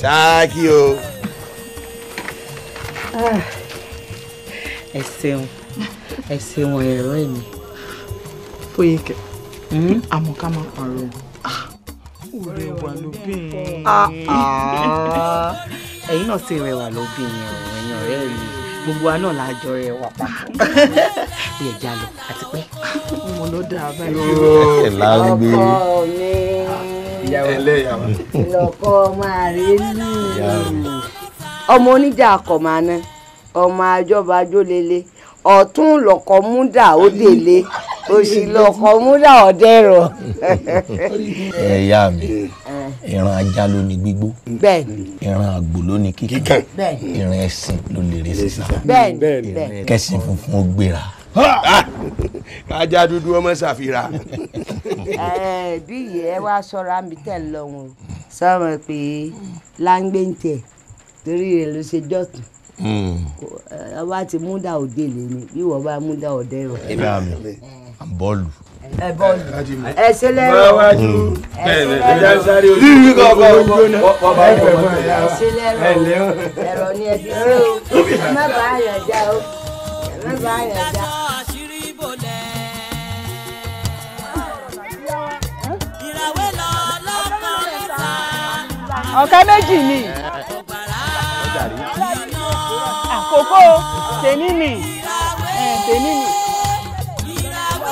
ṣáàkì o. Ah, ẹ ṣeun ẹ ṣeun ẹ̀rọ mi. Fóyèkẹ́ hmm? àmọ́ ká má parọ́ ọ̀rẹ́ ah. wà lóbìnrin. Ah, ẹ̀yin náà sì rẹwà lóbìnrin ọ̀rọ̀ ẹ̀yin ọ̀rẹ́ mi gbogbo wa náà lájọ rẹ wà papọ̀ bí ẹja lọ àti pé mo ló dáa báyìí. ẹ lágbèrè ẹlẹ́yàwó lọ́kọ́ máa rí lù ọmọ oníjà àkọ̀mọ́ná ọmọ àjọba jólele ọ̀tún lọ́kọ̀ múdà ó délé òsì lọ́kọ̀ múdà ọ̀dẹ́rọ̀. ẹ yá mi eh. ìran ajá ló ní gbígbó ìran àgbò ló ní kíkan ìran ẹṣin ló lè rí sísá ìran kẹsìn funfun ó gbéra ajá dúdú ọmọ ṣàfihàn. bí ìyẹ́ ẹ wá sọ́ra mi tẹ̀ lọ́wọ́ sọ̀rọ̀ pé láńgbé ń tẹ̀ torí rẹ̀ ló ṣe dọ̀tún hmm. ọba ti múdà òde lè ní bí wọ́n bá múdà òde rọ̀. mi bọ́ọ̀lù. ẹ bọ́ọ̀lù ṣe lẹ́rọ ẹ ṣe lẹ́rọ hmm. ẹ ṣe lẹ́rọ ẹ̀rọ ni ẹ fi ṣe o má bàa yàn já o má bàa yàn já. ọ̀kẹ́ méjì ni àkókò tèmi nì tèmi nì.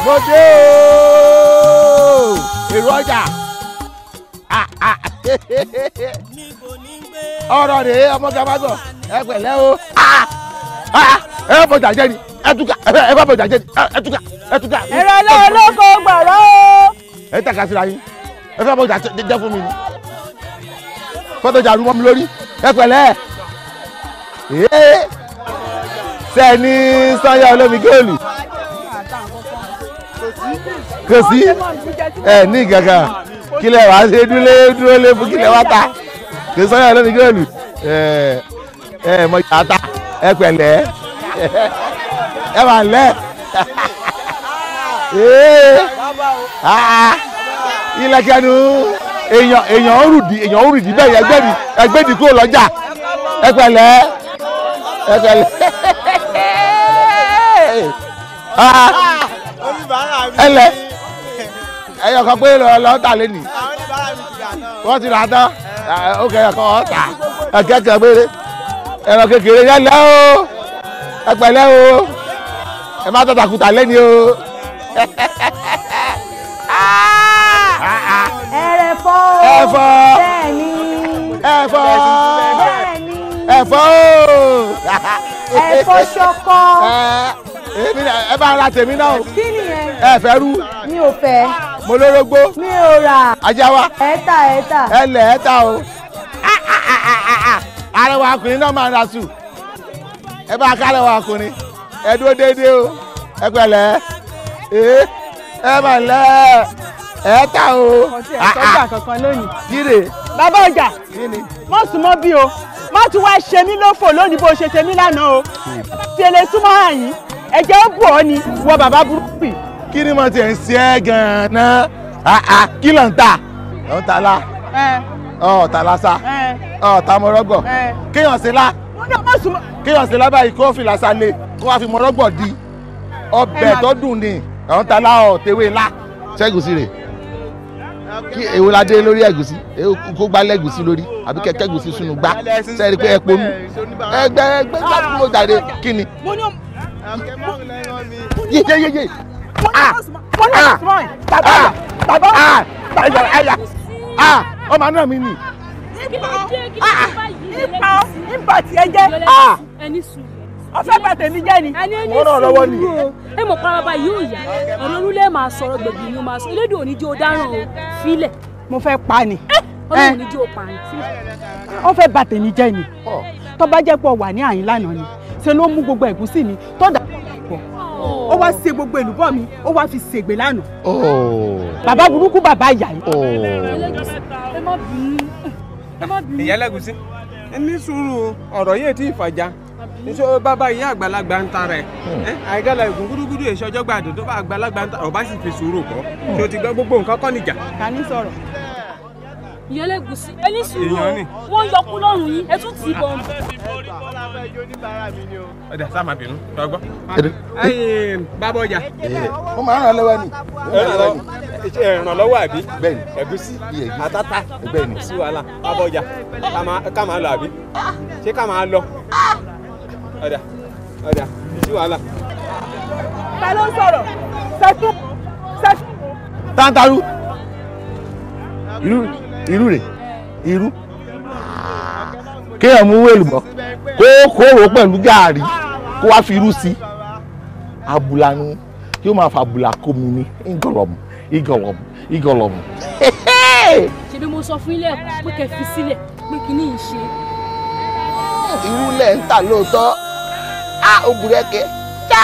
mo dé o èrò ọjà ah, ah. ọ̀rọ̀ rèé ọmọ gàmásọ̀ ẹ pẹ̀lẹ́ o ah, ẹ bọ̀jà jẹ́ ni ẹ túká ẹ bá bọ̀jà jẹ́ ni ẹ túká ẹ túká. ẹ̀rọ ọlọ́ọ̀lọ́kọ̀ gbọ̀rọ̀ o. ẹ tàkasíra yín ẹ fẹ́ bọ̀jà jẹ́ fún mi ni kọ́tọ̀ jà rúmọ́ mi lórí ẹ pẹ̀lẹ́ ẹ ṣe é ní sanya olómi góòlù kò sí ẹ ní gàgà kílẹ̀ wá ṣe dúlé dúró lé fún kílẹ̀ wá ta kò sanya olómi góòlù ẹ ẹ mọ ìyá ta ẹ pẹ̀lẹ́ ẹ máa lẹ́ ilẹ̀ kẹnu èèyàn èèyàn òrùdì èèyàn òrùdì bẹ́ẹ̀ ẹgbẹ́ni ẹgbẹ́ni kúrò lọ́jà ẹ pẹ̀lẹ́ ẹ pẹ̀lẹ́ ah, ẹlẹ ẹyọ kan pé lọ́ọ́tà lẹ́nìí wọ́n ti rà tán ó ah, kẹyọ kan ọ̀ọ́tà ẹ̀kẹ́kẹ́ péré ẹ̀rọ kékeré yẹlẹ o ẹ pẹ̀lẹ́ o ẹ má tọ́ta kùtà lẹ́nìí o. Ah ẹ̀fọ́ o ẹ̀fọ́ bẹ́ẹ̀ni ẹ̀fọ́ bẹ́ẹ̀ni ẹ̀fọ́ o ẹ̀fọ́ ṣọkọ. Eh, èmi náà ẹ bá ra tèmi náà o. kí nìyẹn. ẹ fẹ́ rú. mi ò fẹ́. mo lórógbó. mi ò rà. ajá wa. ẹ ta ẹ ta. ẹ lẹ̀ ẹ ta o. arẹwà ọkùnrin náà máa ń ra sùn. ẹ bá kárẹwà ọkùnrin ẹ dúró déédéé o ẹ pẹ̀lẹ́ eh, ẹ máa lẹ́ẹ̀ ẹ ta o. ọtí ẹ sọjà ah, ah. kankan lónìí. kíre. bàbá ọjà má sùn mọ́ bí o má tún wá ṣe mí lófò lónìí bó ṣe ṣe mí lánàá o. tẹ̀lé súnmọ́ àyín ẹ̀jẹ̀ ó bù ọ́ ni wọ bàbá burúkú yìí. kí ni mo ti ń ṣe ẹ gan ah, kí ló ń ta ló ń ta la ọ̀ọ́ta lásà ọ̀ọ́ta mọ́rọ́gbọ̀ kéèyàn ṣe lá kéèyàn ṣe lá báyìí kó fi làṣà lé kó wá fi mọ́rọ́gbọ̀ di ọbẹ̀ tó dùn ni ọ̀ọ́ta lá ọ̀ọ́tẹ̀wé la, ṣẹ́gun sí rè kí èwo la dé lórí ẹ̀gúsí kó gbá lẹ́gùsí lórí àbí kẹ̀kẹ́ ẹ̀gúsí sunu gbá sẹ́ni pé ẹ̀pọ̀ nù ẹgbẹ́ ẹgbẹ́ gbàgbọ́ jàre kí ni. yé yé yé yé ah ah ah ah ah ọmọ aná mi nì. ipa ipa tiẹ̀ jẹ́. Ah. ẹni sùn ọfẹ gba tèmi jẹ ni. ẹni ẹni sùúrù ẹ mọ̀ paraba yóò yá ọlọ́run lè máa sọ̀rọ̀ gbèbí ni ó máa sọ elédè òní jẹ́ ó dáràn o filẹ̀. mo fẹ́ pa ni. ọlọ́run òní jẹ́ ó pa ni filẹ̀. wọ́n fẹ́ ba tèmi jẹ́ ni tó bá jẹ́ pọ̀ wà ní àyín lánàá ni ṣe ló mú gbogbo ẹ̀gúsí mi tó dà pọ̀ ó wá ṣe gbogbo èlùbọ́ mi ó wá fi ṣègbè lánàá. Oh. bàbá burúkú bàbá ìyá yìí. Oh. ẹ má bínú. ẹ ní sùúrù ọ̀rọ̀ yìí ti fàjà nítorí bàbá yìí àgbàlagbà ń ta rẹ̀ hmm. àìgàlà ìgùn gúdúgúdú èso ọjọ́gbà àdòdó bá àgbàlagbà ń ta ọba sì fi sùúrù kọ́ tí hmm. o ti gbọ́ gbogbo nǹkan kọ́ níjà. ta ni sọ̀rọ̀ ìyẹn wọn yọkú lọ́rùn yín ẹtún tì í bọ̀ ọjà sáàmà bínú tó gbọ́. bàbá ọjà. wọ́n máa ń ràn lọ́wọ́ ni. ìrànlọ́wọ́ àbí ẹ̀gúsí àtàtà sí wàhálà bàbá ọjà ká máa lọ àbí ṣé ká máa lọ. Ada, ada. sí wàhálà. ta ló ń sọ̀rọ̀ sẹ́tún sẹ́tún. tantaru irú irú rè irú kéèyàn mú wéèlù bọ̀ kó kóró pẹ̀lú gàárì kó wá fi irú sí abula nu yóò máa fa abula kó mi ní ìgọ̀lọ̀mù ìgọ̀lọ̀mù ìgọ̀lọ̀mù. ṣebí mo sọ fún ilé ẹ̀kọ́ pé kẹ́ fi sílẹ̀ pé kí ni ìṣe. irú lẹ̀ ń tà lóòótọ́ a ògùrẹ́kẹ́ tá.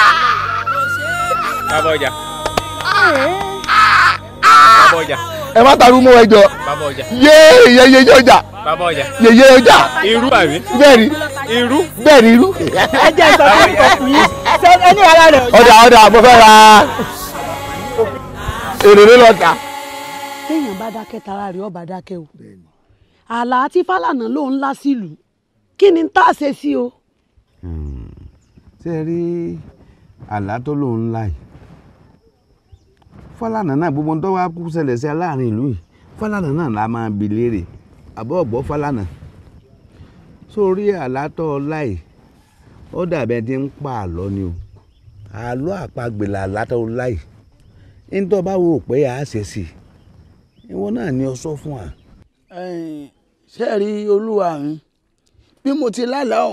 bàbá ọjà. bàbá ọjà. ẹ má tarú mọ́ ẹjọ́. bàbá ọjà. yéé yéyé ọjà. bàbá ọjà. yéyé ọjà. irú àbí. bẹ́ẹ̀ni. irú. bẹ́ẹ̀ni irú. ẹ jẹ́ ìsọ̀rọ̀ ìkọ̀kùn yìí ṣé ẹni ara rẹ̀. ọ̀dà ọ̀dà mo fẹ́ ra èrèrè lọ́ta. téèyàn bá dákẹ́ tara rẹ̀ ọba dákẹ́ o àlà àti ló ń lá kí ni tá a ṣe sí o. Hmm. ṣé ẹ rí àlá tó náà gbogbo ndọwa tọ́wọ́ kú ìlú yìí Fálànà náà la máa bi léèrè àbọ̀ ọ̀gbọ́ Fálànà sórí àlá tó ọlá yìí ó dàbẹ̀ tí ń ni o àlọ́ tó yìí bá pé a ṣe sí i ìwọ náà ni fún wa. rí bí mo ti lálàá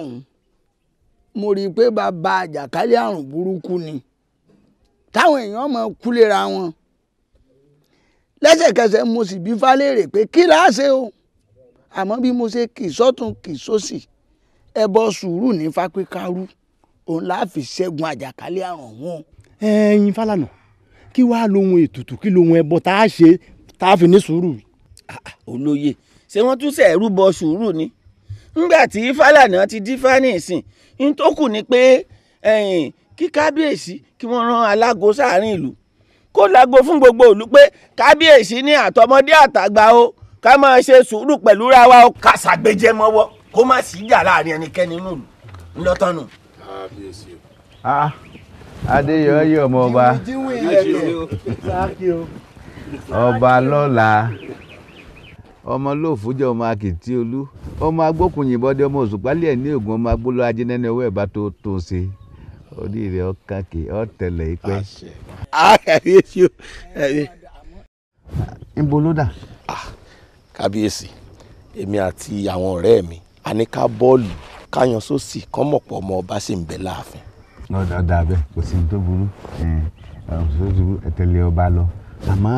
mo rí i pé bàbá àjàkálẹ̀ àrùn burúkú ni táwọn èèyàn máa kú léra wọn lẹ́sẹ̀kẹsẹ̀ mo sì bí falẹ́rẹ̀ pé kí láá ṣe o àmọ́ bí mo ṣe kì sọ́tún kì sósì ẹbọ sùúrù ní fápékárú òun láà fi ṣẹ́gun àjàkálẹ̀ àrùn ọ̀hún. ẹ̀yin Fálànà kí wàá lohun ètùtù kí lohun ẹbọ tá a ṣe tá a fi ní sùúrù. Ah, ah, olóye ṣé wọ́n tún ṣe ẹ̀rú bọ sùúrù ni nígbà tí Fálànà ti dífá ní ìsìn n tó kù ni pé kí kábíyèsí kí wọ́n rán alágo sáàrin ìlú kó lágo fún gbogbo ìlú pé kábíyèsí ní àtọmọdé àtàgbà o ká máa ṣe sùúrù pẹ̀lú ra wa o. ká ṣàgbéjẹ mọ́wọ́ kó má sí ìjà láàrin ẹnikẹ́ni nù ńlọ́tọ́nù. kábíyèsí o. adéyọyọ ọmọ ọba ọba lọ́la ọmọ lóòfù jẹ́ ọmọ akìtì olú ọmọ agbókunyìnbọdẹ ọmọ òṣùpálẹ̀ ẹ̀ ní ògùn ọmọ agbóló ajínẹ́ni ọwọ́ ẹ̀ bá tó tó ṣe oníire ọkàkì ọ̀tẹ̀lẹ̀ ìpẹ́. kábíyèsí o níbo ló dà. kábíyèsí èmi àti àwọn ọ̀rẹ́ mi a ní ká bọ́ọ̀lù káyan sósì kán mọ̀ pọ̀ ọmọ ọba sì ń bẹ láàfin. ọ̀dà bẹ́ẹ̀ kò sí ní tó burú ẹ̀ ẹ̀ tẹ̀lé ọba lọ àmọ́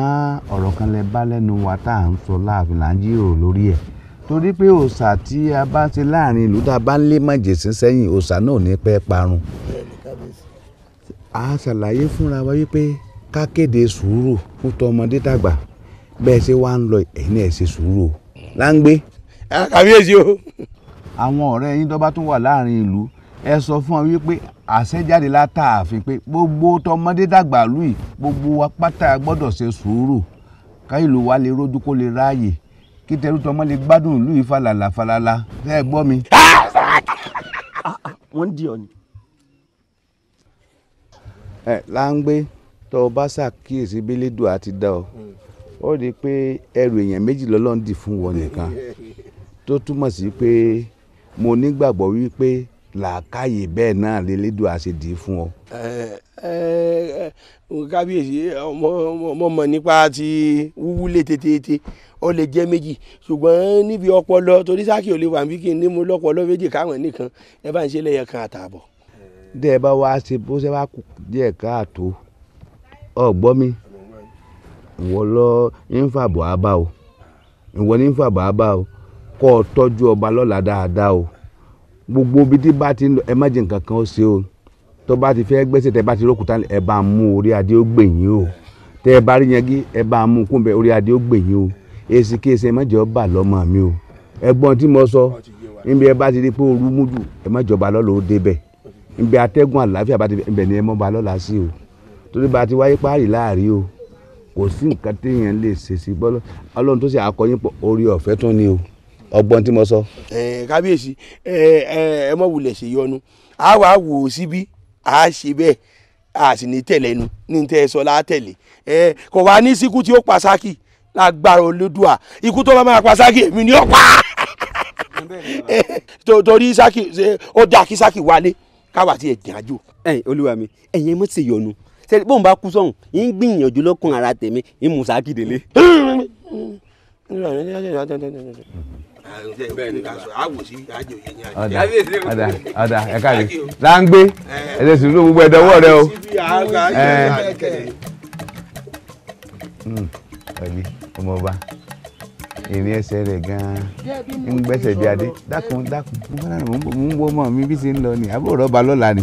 ọ̀rọ̀ kan lẹ bá lẹ́nu wa tá à ń sọ láàfin là ń jíròrò lórí ẹ̀ torí pé òòṣà tí a bá ṣe láàrin ìlú tá a bá ń lé mọ̀jèsín sẹ́yìn òòṣà náà ní pẹ́ parun a ṣàlàyé fúnra wa wípé ká kéde sùúrù fún tọmọdé tàgbà bẹ́ẹ̀ ṣe wá ń lọ ẹ̀yin ẹ̀ ṣe sùúrù láǹgbé. àwọn ọ̀rẹ́ yín tó tún wà láàrin ìlú ẹ sọ fún ọ wípé àṣẹjáde látàáfin pé gbogbo tọmọdé dàgbà lù yìí gbogbo wa pátá gbọ́dọ̀ ṣe sùúrù káyìlú wa lè rójú kó lè ráàyè kí tẹrú tọmọ lè gbádùn lù yìí falala falala ẹ gbọ́ mi. wọ́n ń di ọ̀nì. ẹ láńgbé tọ bá ṣàkíyèsí bílédùn àti dá ọ ó rí i pé ẹrù èèyàn méjì lọ́lọ́ ń dì fún wọn nìkan tó túmọ̀ sí pé mo nígbàgbọ́ wípé làákàyè bẹ́ẹ̀ náà lélẹ́dùn àṣẹ dì í fún ọ. kábíyèsí ọmọ mọ̀ nípa ti wúwú lé tètè ó lè jẹ́ méjì ṣùgbọ́n níbi ọpọlọ torí sákì ò lè wà bí kí n ní mo lọ́pọlọ méjì káwọn nìkan ẹ bá ń ṣe lẹ́yìn kan àtààbọ̀. dẹ́ ẹ bá wá ṣe bó ṣe wá kú díẹ̀ káàtó ọ gbọ́ mi ìwọ lọ ń fàbọ̀ á bá o ìwọ ní ń fàbọ̀ á bá o kọ́ ọ tọ́jú ọba lọ́la dáadáa o gbogbo ibi tí bá ti ń lọ ẹ má jẹ nǹkan kan ó ṣe o tó bá ti fẹ́ gbẹ́sẹ̀ tẹ́ bá ti rókùtà ẹ bá mú orí adé ó gbẹ̀yìn o tẹ́ ẹ bá rí yẹngí ẹ bá mú kúnbẹ orí adé ó gbẹ̀yìn o èsì kéèsì ẹ má jẹ́ ọba lọ́mọ mi o ẹgbọ́n tí mo sọ níbi ẹ bá ti rí pé ooru mú jù ẹ má jọba lọ́lọ́ ó débẹ̀ níbi atẹ́gùn àlàáfíà bá ti bẹ̀ ni ẹ mọ́ ba lọ́la sí o torí bá ti wáyé páàrì láàrí o kò sí nǹkan téèyàn lè ṣèṣì bọ́lọ́ ọlọ́run tó ṣe àkọyín pọ̀ orí ọ̀fẹ́ tún ni o ọgbọ́n tí mo sọ. ẹ kábíyèsí ẹ ẹ ẹ mọ wulẹ̀ ṣe yọnu a wà wò ó síbí a ṣe bẹ́ẹ̀ a sì ní tẹ̀lé nu ní tẹ́ ẹ sọ la tẹ̀lé ẹ kò wá ní síkú tí ó pa sákì lágbára olódùà ikú tó bá máa pa sákì èmi ni ó pa torí sákì ó dá kí sákì wálé káwa ti ẹ̀ dín àjò. ẹ olúwa mi ẹ̀yin mọ̀ ti yọnu sẹ́ni bóun bá kú sọ̀hún yín gbìyànjú lọ́kùn ara tèmi yín mú sákì délé ọ̀dà ọ̀dà ẹ káàdì láńgbé ẹ̀jẹ̀ sùúrù gbogbo ẹ̀dọ́wọ́ rẹ o. ọ̀dì eh. hmm, ọmọọba ìrìn ẹsẹ̀ rẹ̀ gan-an ń gbẹ́sẹ̀ bí adé dákun dákun mo fẹ́ràn mo ń wọ́ ọmọ mi bí ṣe ń lọ ni àbúrò rọ́bà lọ́la ni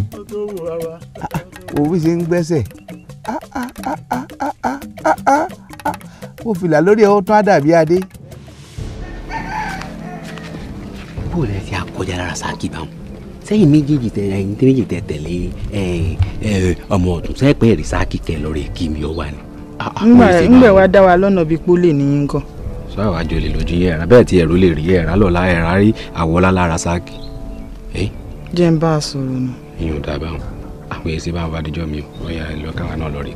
òun bí ṣe ń gbẹ́sẹ̀ ó ah, ah, ah, fìlà lórí ẹ̀ ó tún á dàbí adé. bó lẹ ti akọjá lára sáàkì bá wọn sẹ́yìn méjèèjì tẹ ẹ̀yìn tí méjèèjì tẹ tẹ̀lé ọmọ ọdún sẹ́yìn pé èrè sáàkì tẹ lọ́rọ̀ èkì mi ọwà ni. ńgbà wa dá wa lọ́nà bíi pólè ní yín kan. sọ àwọn àjọ lè lójú yẹ ẹ̀rá bẹ́ẹ̀ tí ẹ̀rú lè rí ẹ̀rá lọ́la ẹ̀rá rí àwọ̀lá lára sáàkì. jẹ́ a sọ̀rọ̀ nù. iyùn dàbà wọn àwọn èsì bá wọn bá díjọ́ mi ò wọ́n yà lọ́kàwá náà lọ́rọ̀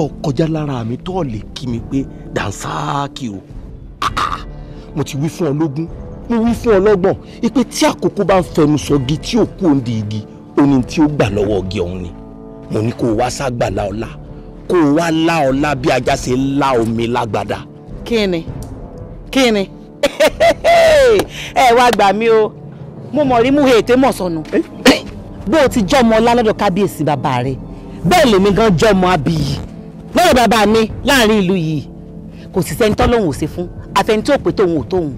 tó kọjá lára mi tó lè kí mi pé dànsáàkì o mo ti wí fún ọ lógún mo wí fún ọ lọ́gbọ̀n ipe tí àkókò bá ń fẹnu sọ di tí òkú òǹdí igi oní tí ó gbà lọ́wọ́ ọgẹ ọ̀hún ni mo ní kó o wá ságbàlá ọlá kó o wá lá ọlá bí ajá ṣe lá omi lágbádá. kí ni kí ni ẹ wá gbà mí o mo mọ̀ rí mú ètè mọ̀ sọnù eh? bó o ti jọ́ ọmọ ọlá lọ́dọ̀ kábíyèsí bàbá rẹ bẹ́ẹ̀ lèmi gan jọ́ ọmọ abiyì lọ́rọ̀ bàbá mi láàrin ìlú yìí kò sì sẹ́ni tọ́lọ́hún ò ṣe fún àfẹni tí ò pé tóun ò tóun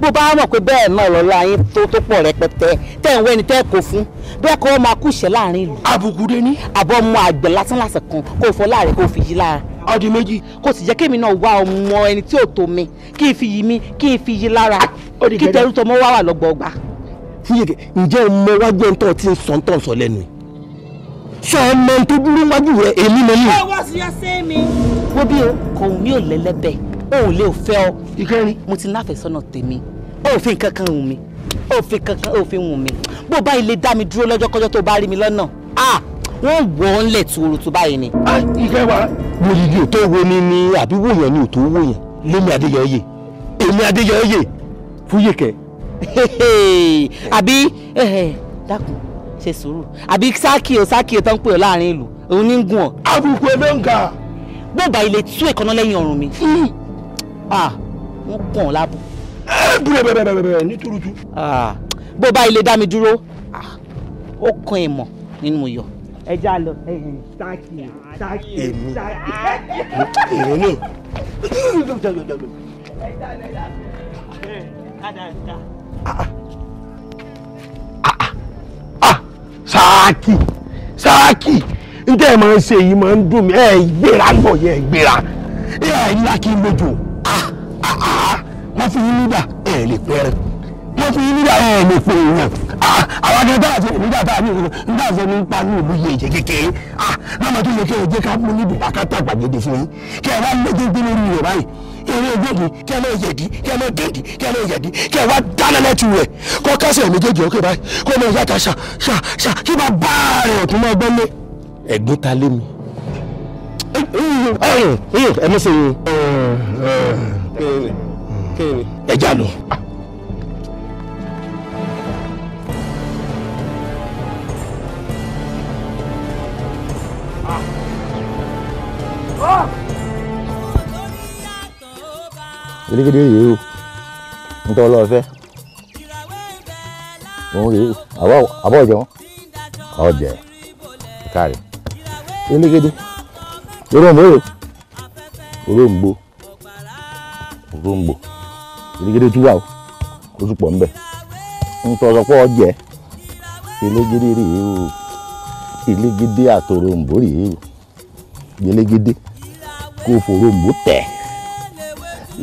bó bá mọ̀ pé bẹ́ẹ̀ náà lọ́la yín tó tó pọ̀ rẹpẹtẹ tẹ̀ ń wẹ́ni tẹ́ kó fún bẹ́ẹ̀ kọ́ máa kú ìṣẹ́ láàrin ìlú. àbùkù dé ní. àbọ̀ ọmọ àgbẹ̀ lásán lásán kan kó o fọ láàrin kó o fi yí lára. ọdún méjì. kò sì jẹ́ kémi náà wá ọmọ ẹni tí ò tó mi kí n fi yí mi kí n fi yí lára kí tẹrú tọmọ wá wà lọ́gbọ̀ọ́gba. fúyèké ǹjẹ́ mo wá gbé ń tọ́ ti ń sọ ń tọ́ sọ lẹ́nu yìí ṣe ẹ mọ tó dúró wájú rẹ èmi lè ní. ẹ wá sí ẹsẹ mi. wo bí o kò wù mí ò lẹ́lẹ́bẹ̀ o ò lè fẹ́ ọ ìkẹrin mo ti láfẹ̀sọ́nà tèmi o ò kan wù mí o ò fi kankan o ò fi wù mí bó o bá ilé dá mi dúró lọ́jọ́kọ́jọ́ tó o bá rí mi lọ́nà wọ́n wọ̀ ọ́n lẹ̀ tuuru tó báyìí ni. ìkẹwà wo yìí ò tó wo ni ni àbí wo yẹn ni ò tó wo yẹn lómi adéyọyè èmi adéyọyè fúyè kẹ. àbí eh, eh, dákun ṣe sùúrù àbí sáàkì ò sáàkì ò tó ń pè ọ́ láàrin ìlú òun ní gùn ọ́. àbùkù olóńgà. bó o bá ilé tú èkánná lẹ́yìn ọrùn mi. wọ́n kàn ọ́ lábọ̀. bẹ̀rẹ̀bẹ̀rẹ̀bẹ̀rẹ̀ ní turutu. bó o bá ilé dá mi dúró ó kan ìmọ̀ nínú iyọ̀. ẹ já lọ sáàkì sáàkì sáàkì. èrò náà. ẹ Sàákì Sàákì ntẹ́ ẹ̀ máa ń ṣe èyí máa ń dùn mí ẹ̀ gbéra ń bọ̀ yẹ gbéra ẹ̀ ńlá kí n lójú wọ́n fi yín nígbà ẹ̀ lè pẹ́rẹ́ wọ́n fi yín nígbà ẹ̀ lè pè é yàn àwọn akẹ́kọ̀ọ́ àti nígbà tá a ní nígbà tó ní pa ní ìlú yẹ ìjẹ́ kékeré lọ́mọ tó yẹ kẹ́ ẹ jẹ́ ká mú níbi àkátà gbàgede fún yín kẹ́ ẹ bá lójú gbé lórí rẹ̀ báyìí eré ewé mi kí ẹ máa yẹ̀dí kí ẹ máa dèdí kí ẹ máa yẹ̀dí kí ẹ wá dáná lẹ́tù rẹ̀ kọ́ kásẹ̀ méjèèjì ọ̀kẹ́ báyìí kó máa yàtà ṣà ṣà ṣà kí bá bá rẹ̀ ọ̀tún máa gbọ́n lé. ẹ̀gbọ́n ta lé mi. ẹ mọ̀ sí i. ẹ já lọ. Ah! ah gidigidi rèé o nítorí ọlọ́ọ̀fẹ́ òun rèé o àbọ̀ ọ̀jẹ̀ wọn ọ̀jẹ̀ kárí elégédé òróǹbó rèé òróǹbó òróǹbó elégédé tún wà o ó tún pọ̀ ńbẹ̀ nítorí ọ̀pọ̀ ọ̀jẹ̀ elégédé dia o elégédé àtòróǹbó rèé o elégédé kó fòróǹbó tẹ̀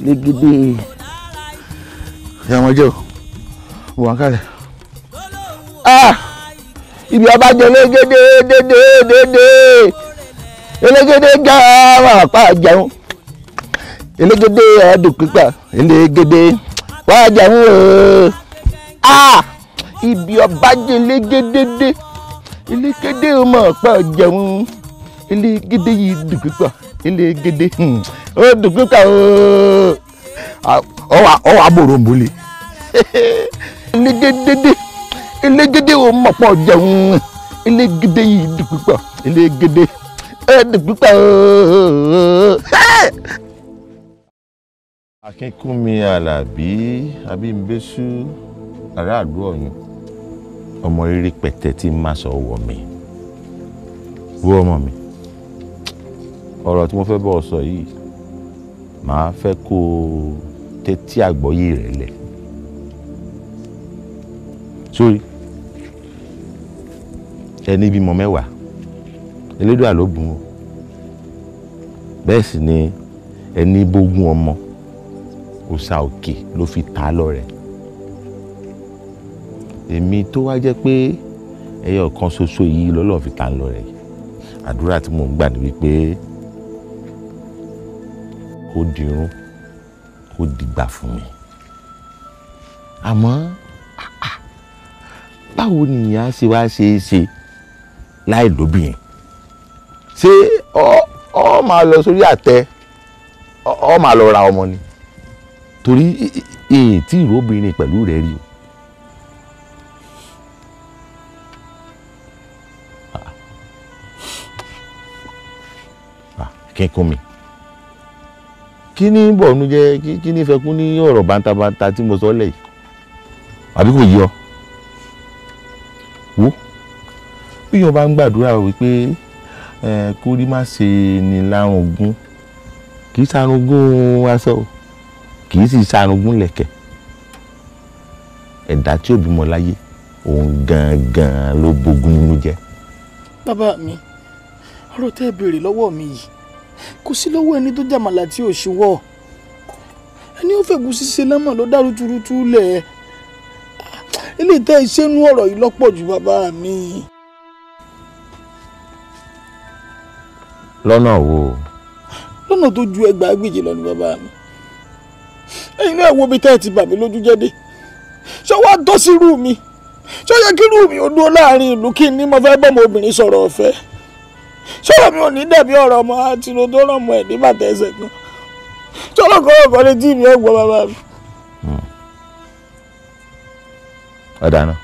gidi. ìyá ọmọdé o wò wọn kálẹ̀. Ah! ibi ọba jẹ elégédé dédé dédé elégédé gan-an wà pa jẹun elégédé ẹ̀ẹ́dùn pípa elégédé wà jẹun o ah! ibi ọba jẹ elégédé elégédé ọmọ pa jẹun elégédé yìí dùn pípa elégédé. Hmm ó dùnkún kà ó ọ wà bòrò mbólé elégédédé elégédé ò mọ̀pọ̀ jẹun elégédé yìí dùnkún pọ̀ elégédé ó dùnkún kà ó. akínkúnmi alábí abímbésù aráàlú ọ̀yún ọmọ rírí pẹ̀tẹ́ tí ń máa sọ wọ̀ mí wọ́ ọmọ mi ọ̀rọ̀ tí mo fẹ́ bọ́ ọ sọ yìí màá fẹ́ kó o tẹ́tí àgbọ́yé rẹ̀ lẹ̀ sórí ẹni bímọ mẹ́wàá elédùà ló bùn o bẹ́ẹ̀ sì ni ẹni bógún ọmọ òòṣà òkè ló fi ta á lọ́rẹ èmi tó wá jẹ́ pé ẹyọ kan ṣoṣo yìí lọ́lọ́run fi ta á lọ́rẹ àdúrà tí mò ń gbà ni wípé kó dirun kó dìgbà fún mi àmọ́ báwo ni ìyá ṣe wá ṣe é ṣe láì lóbìnrin ṣé ọ máa lọ sórí àtẹ ọ máa lọ ra ọmọ ni torí èyí tí ìróbìnrin pẹ̀lú rẹ̀ rí o. kí n kún mi kí ni bọ̀ọ̀nù jẹ́ kí ni fẹ́ kú ní ọ̀rọ̀ bàǹtàbàǹtà tí mo sọ lẹ̀ yìí àbí kò yí ọ wò bí yọba ń gbàdúrà wípé kó rí má ṣe ní lárùn ogún kì í sarungún aṣọ kì í sì sarungún lẹ̀kẹ̀ ẹ̀dá tí ò bímọ láyé òun gangan ló bógun nínú jẹ́. bàbá mi ọ̀rọ̀ tẹ́ ẹ béèrè lọ́wọ́ mi yìí kò sí lọ́wọ́ ẹni tó jàmàlà tí ò ṣíwọ́ ẹni ó fẹ́ gúsí ṣe lọ́mọ̀ ló dárú tuurutu lẹ̀ ilé tẹ́ iṣẹ́ nú ọ̀rọ̀ yìí lọ́pọ̀ ju bàbá mi. lọ́nà wo. lọ́nà tó ju ẹgbàá gbèjì lọ ni bàbá mi ẹ̀yin náà wo bí tẹ́ ẹ ti bà mí lójú jẹ́ dé ṣé wàá tọ́ sí irú mi ṣé ó yẹ kí irú mi dúró láàrin ìlú kí n ní mo fẹ́ bọ́ ọmọ obìnrin sọ̀rọ̀ ọ̀fẹ́ sọ̀rọ̀ mi ò ní dàbí ọ̀rọ̀ ọmọ àti rodó ràn mọ́ ẹ̀ ní bàtà ẹsẹ̀ kan sọ̀rọ̀ kọ́rọ̀ kan lè jí mi ẹ̀ gbọ́ bàbá mi. Hmm. ọ̀dà náà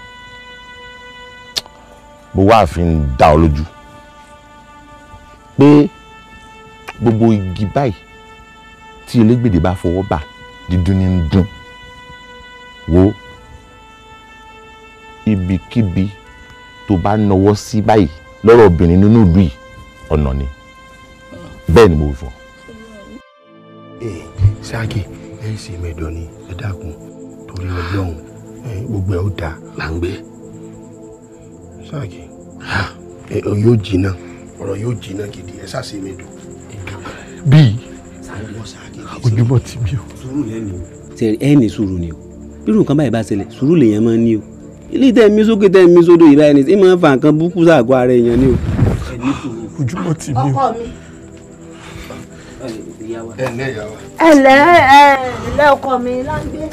bó wàá fi dá ọ lójú pé gbogbo igi báyìí tí elégbèdè bá fọwọ́ bà dídùn ní ń wo ibikíbi tó bá nọwọ́ sí báyìí lọ́rọ̀ obìnrin nínú ìlú yìí ọ̀nà ni bẹ́ẹ̀ ni mo wí fún. ee ṣáàkì ẹ ṣe mẹdọ ni ẹ dákun torí Ọlọ́run gbogbo ẹ ó dáa là ń gbé ṣáàkì ọ yóò jìnnà ọ̀rọ̀ yóò jìnnà gidi ẹ ṣáà ṣe mẹdọ. bíi ojúbọ ti bí o. ẹ ní sùúrù ni o bí nǹkan báyìí bá ṣẹlẹ̀ sùúrù lèèyàn máa ń ní o ilé tẹ̀ mí sókè tẹ̀ mí sódò ìbáyìí ni ẹ máa ń fa nǹkan burúkú sáàgọ́ ara èèyàn ni o. ẹ ní sùúrù bójúmọ́ tì mí o. ẹlẹ ẹlẹ ọkọ mi láńgbé.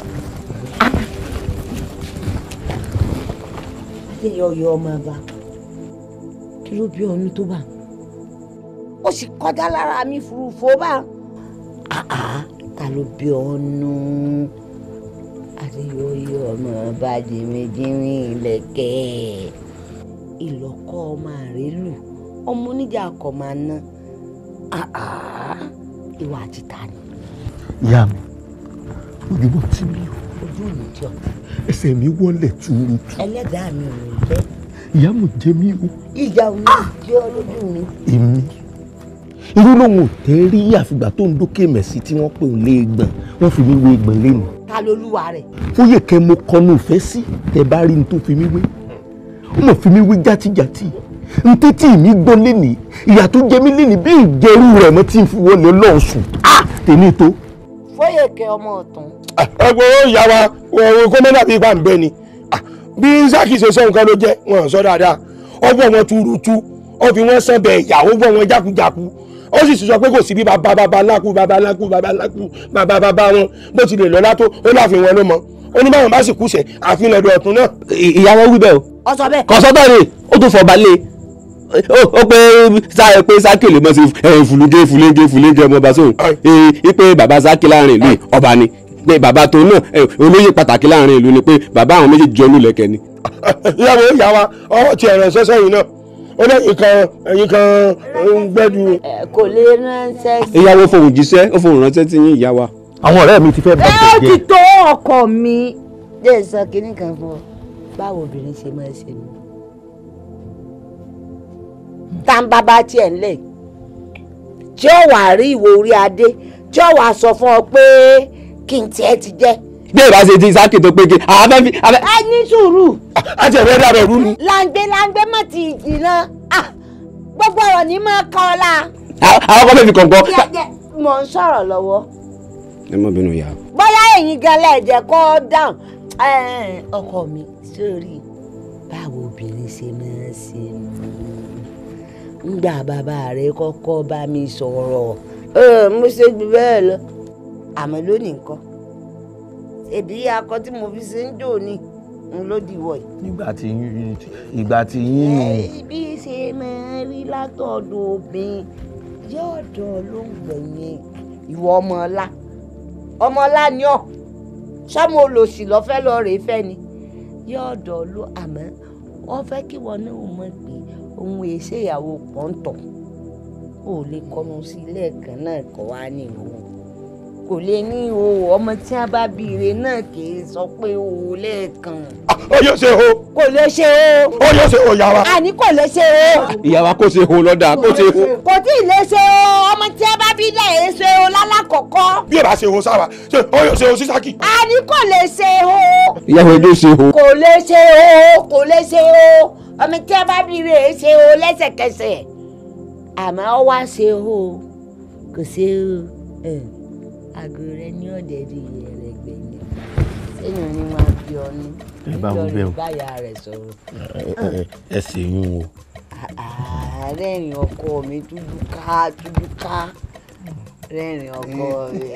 adéyọ yọ ọmọ ọba kí ló bí ọdún tó bá ó sì kọjá lára mi furufú bá ah, ah. ta ló bí ọnu adéyọ yọ ọmọ ọba jìnnìjìnnì ilẹ̀kẹ̀ ìlọ́kọ́ ọmọ rẹ̀ lù ọmọ oníjà kọ̀ máa ná ìwà àti ta ni. ìyá mi ojúbọ tí mi o. ojú mi jẹ ọ. ẹsẹ̀ mi wọlé tuurutu. ẹlẹ́dàá mi ò ní ìyá mi jẹ mí o. ìyá mi jẹ́ ọ lójú mi. èmi irú lòun ò tẹ́ rí àfìgbà tó ń dókè mẹ́sì tí wọ́n pè ń lé gbọ̀n wọ́n fi mí wé gbọ̀n lẹ́nu. ta lolúwa rẹ̀. fóyè kẹ́ mo kọnu ìfẹ́ sí tẹ bá rí ní tó fi mí wé ó mọ̀ fi mí wé játíjátí n tẹ́tí mi gbọ́ lénìí ìyà tó jẹ mí lénìí bí ìjẹrú rẹ̀ mo ti fi wọlé ọlọ́run sùn á tèmi tó. Fóyèké ọmọ ọ̀tún. ẹgbẹ́ owó ìyá wa ọ̀rọ̀ gómìnà bíi bá ń bẹ ni bí Isaac ṣe sọ nǹkan ló jẹ́ wọn sọ dáadáa ọgbọ́n wọn túrútú ó fi wọn sẹ́bẹ̀ ìyàwó gbọ́ wọn jákujáku ó sì sọ pé kò sí bí bàbá bàbá lákú bàbá lákú bàbá lákú bàbá bàbá wọn bó ti lè lọ́lá tó ó láàfin wọn ló mọ ó ní báwọn bá sì kúṣẹ̀ àfihàn ọdún ọ̀tún náà. ìyàwó wíbẹ̀ o. ọ̀sọ̀ bẹ́ẹ̀. kọ̀sọ́ bẹ́ẹ̀ ni ó tún fọ̀ balẹ̀ ó pé pé sákè lè mọ̀ sí fúlùgé fúlùgé fúlùgé ọmọ ọba sóhun ipe bàbá sákè láàrin ìlú ọba ni pé bàbá tó náà olóyè pàtàkì láàrin ìlú ni pé bàbá àwọn méjèèjì jọ lulẹ̀kẹ̀ ni. ìyàwó ìyàwó ọwọ́ ti ẹ̀rọ sẹ́sẹ́ yìí náà ó ní ìkan ìkan gbẹ́dù. kò lè ránṣẹ́. ìyàwó fohùn jíṣẹ́ ó fohùn ránṣẹ́ tí yín ìyá wa. àwọn ọ̀rẹ́ mi ti fẹ́ bá tẹ̀lé. ẹ ti tó ọkọ mi. dé sọ kínní kan fún ọ báwo obìnrin ṣe máa ṣe mí tàǹbà bá tiẹ̀ ńlẹ̀ tí ó wà rí ìwò orí adé tí ó wà sọ fún ọ pé kí n tiẹ̀ ti jẹ́. bí èèyàn ṣe ti sáàkì tó péke àbẹ́ fi. ẹ ní sùúrù. a ti ẹ̀rọ ẹ̀dá rẹ̀ rú ni. làǹgbẹ́ làǹgbẹ́ má ti ìdìnnà ah, gbogbo ọ̀rọ̀ ni máa kọ́ ọ la. àwọn kan fẹ́ fi kọ̀ǹkọ́. mo ń sọ̀rọ̀ lọ́wọ́. ẹ má bínú ìyá. bóyá èyí gan lẹ́ẹ̀jẹ̀ kó dáhùn ọkọ mi sórí báwo bí ngbà bàbá rẹ kọ́kọ́ bá mi sọ̀rọ̀ mo ṣe jù bẹ́ẹ̀ lọ àmọ́ lónìí nǹkan èbí akọ tí mo fi ṣe ń jò ni n ló diwọ̀ yìí. nígbà tí ìgbà tí yín nù. bí ṣe máa rí látọ̀dọ̀ obìnrin yóò dán ló ń gbẹ̀yìn ìwọ ọmọ ọlá ni ọ sọmọ olòṣì lọfẹ lọ rèé fẹ ni yóò dán ló àmọ́ wọn fẹ́ kí wọn náà mọ̀ pé òun èsè ìyàwó pọ́ńtọ̀ ò lè kọnu sí lẹ́ẹ̀kan náà kọ́ wá ní ìhòòhò kò lè ní o ọmọ tí a bá bí ire náà kì í sọ pé o lẹ́ẹ̀kan. ó yóò ṣe o. kò lè ṣe o. ó yóò ṣe o ìyàwó. àní kò lè ṣe o. ìyàwó kò ṣe o lọ́dà kò ṣe o. kò tí ì lè ṣe o ọmọ tí a bá bí náà ṣe o lálàkọ̀kọ́. bí o bá ṣe o sábà ṣe ó yóò ṣe o sísákì. àní kò lè ṣe o. ìyàwó ẹjọ́ ṣe o. kò lè ṣe o kò lè ṣe o ọmọ tí a bá rí rè é ṣe o lẹ́sẹ̀kẹsẹ̀ àmọ́ ọ wá ṣe o kò ṣe o àgọ́ rẹ ní ọ̀dẹ̀ rí rẹ̀ gbẹ̀yìn sẹ́yìn ni wọ́n á bí ọ ní nítorí báyà rẹ̀ sọ̀rọ̀. ẹ ṣe yún o. rẹ́rìn ọkọ mi dúdú ká dúdú ká rẹ́rìn ọkọ mi.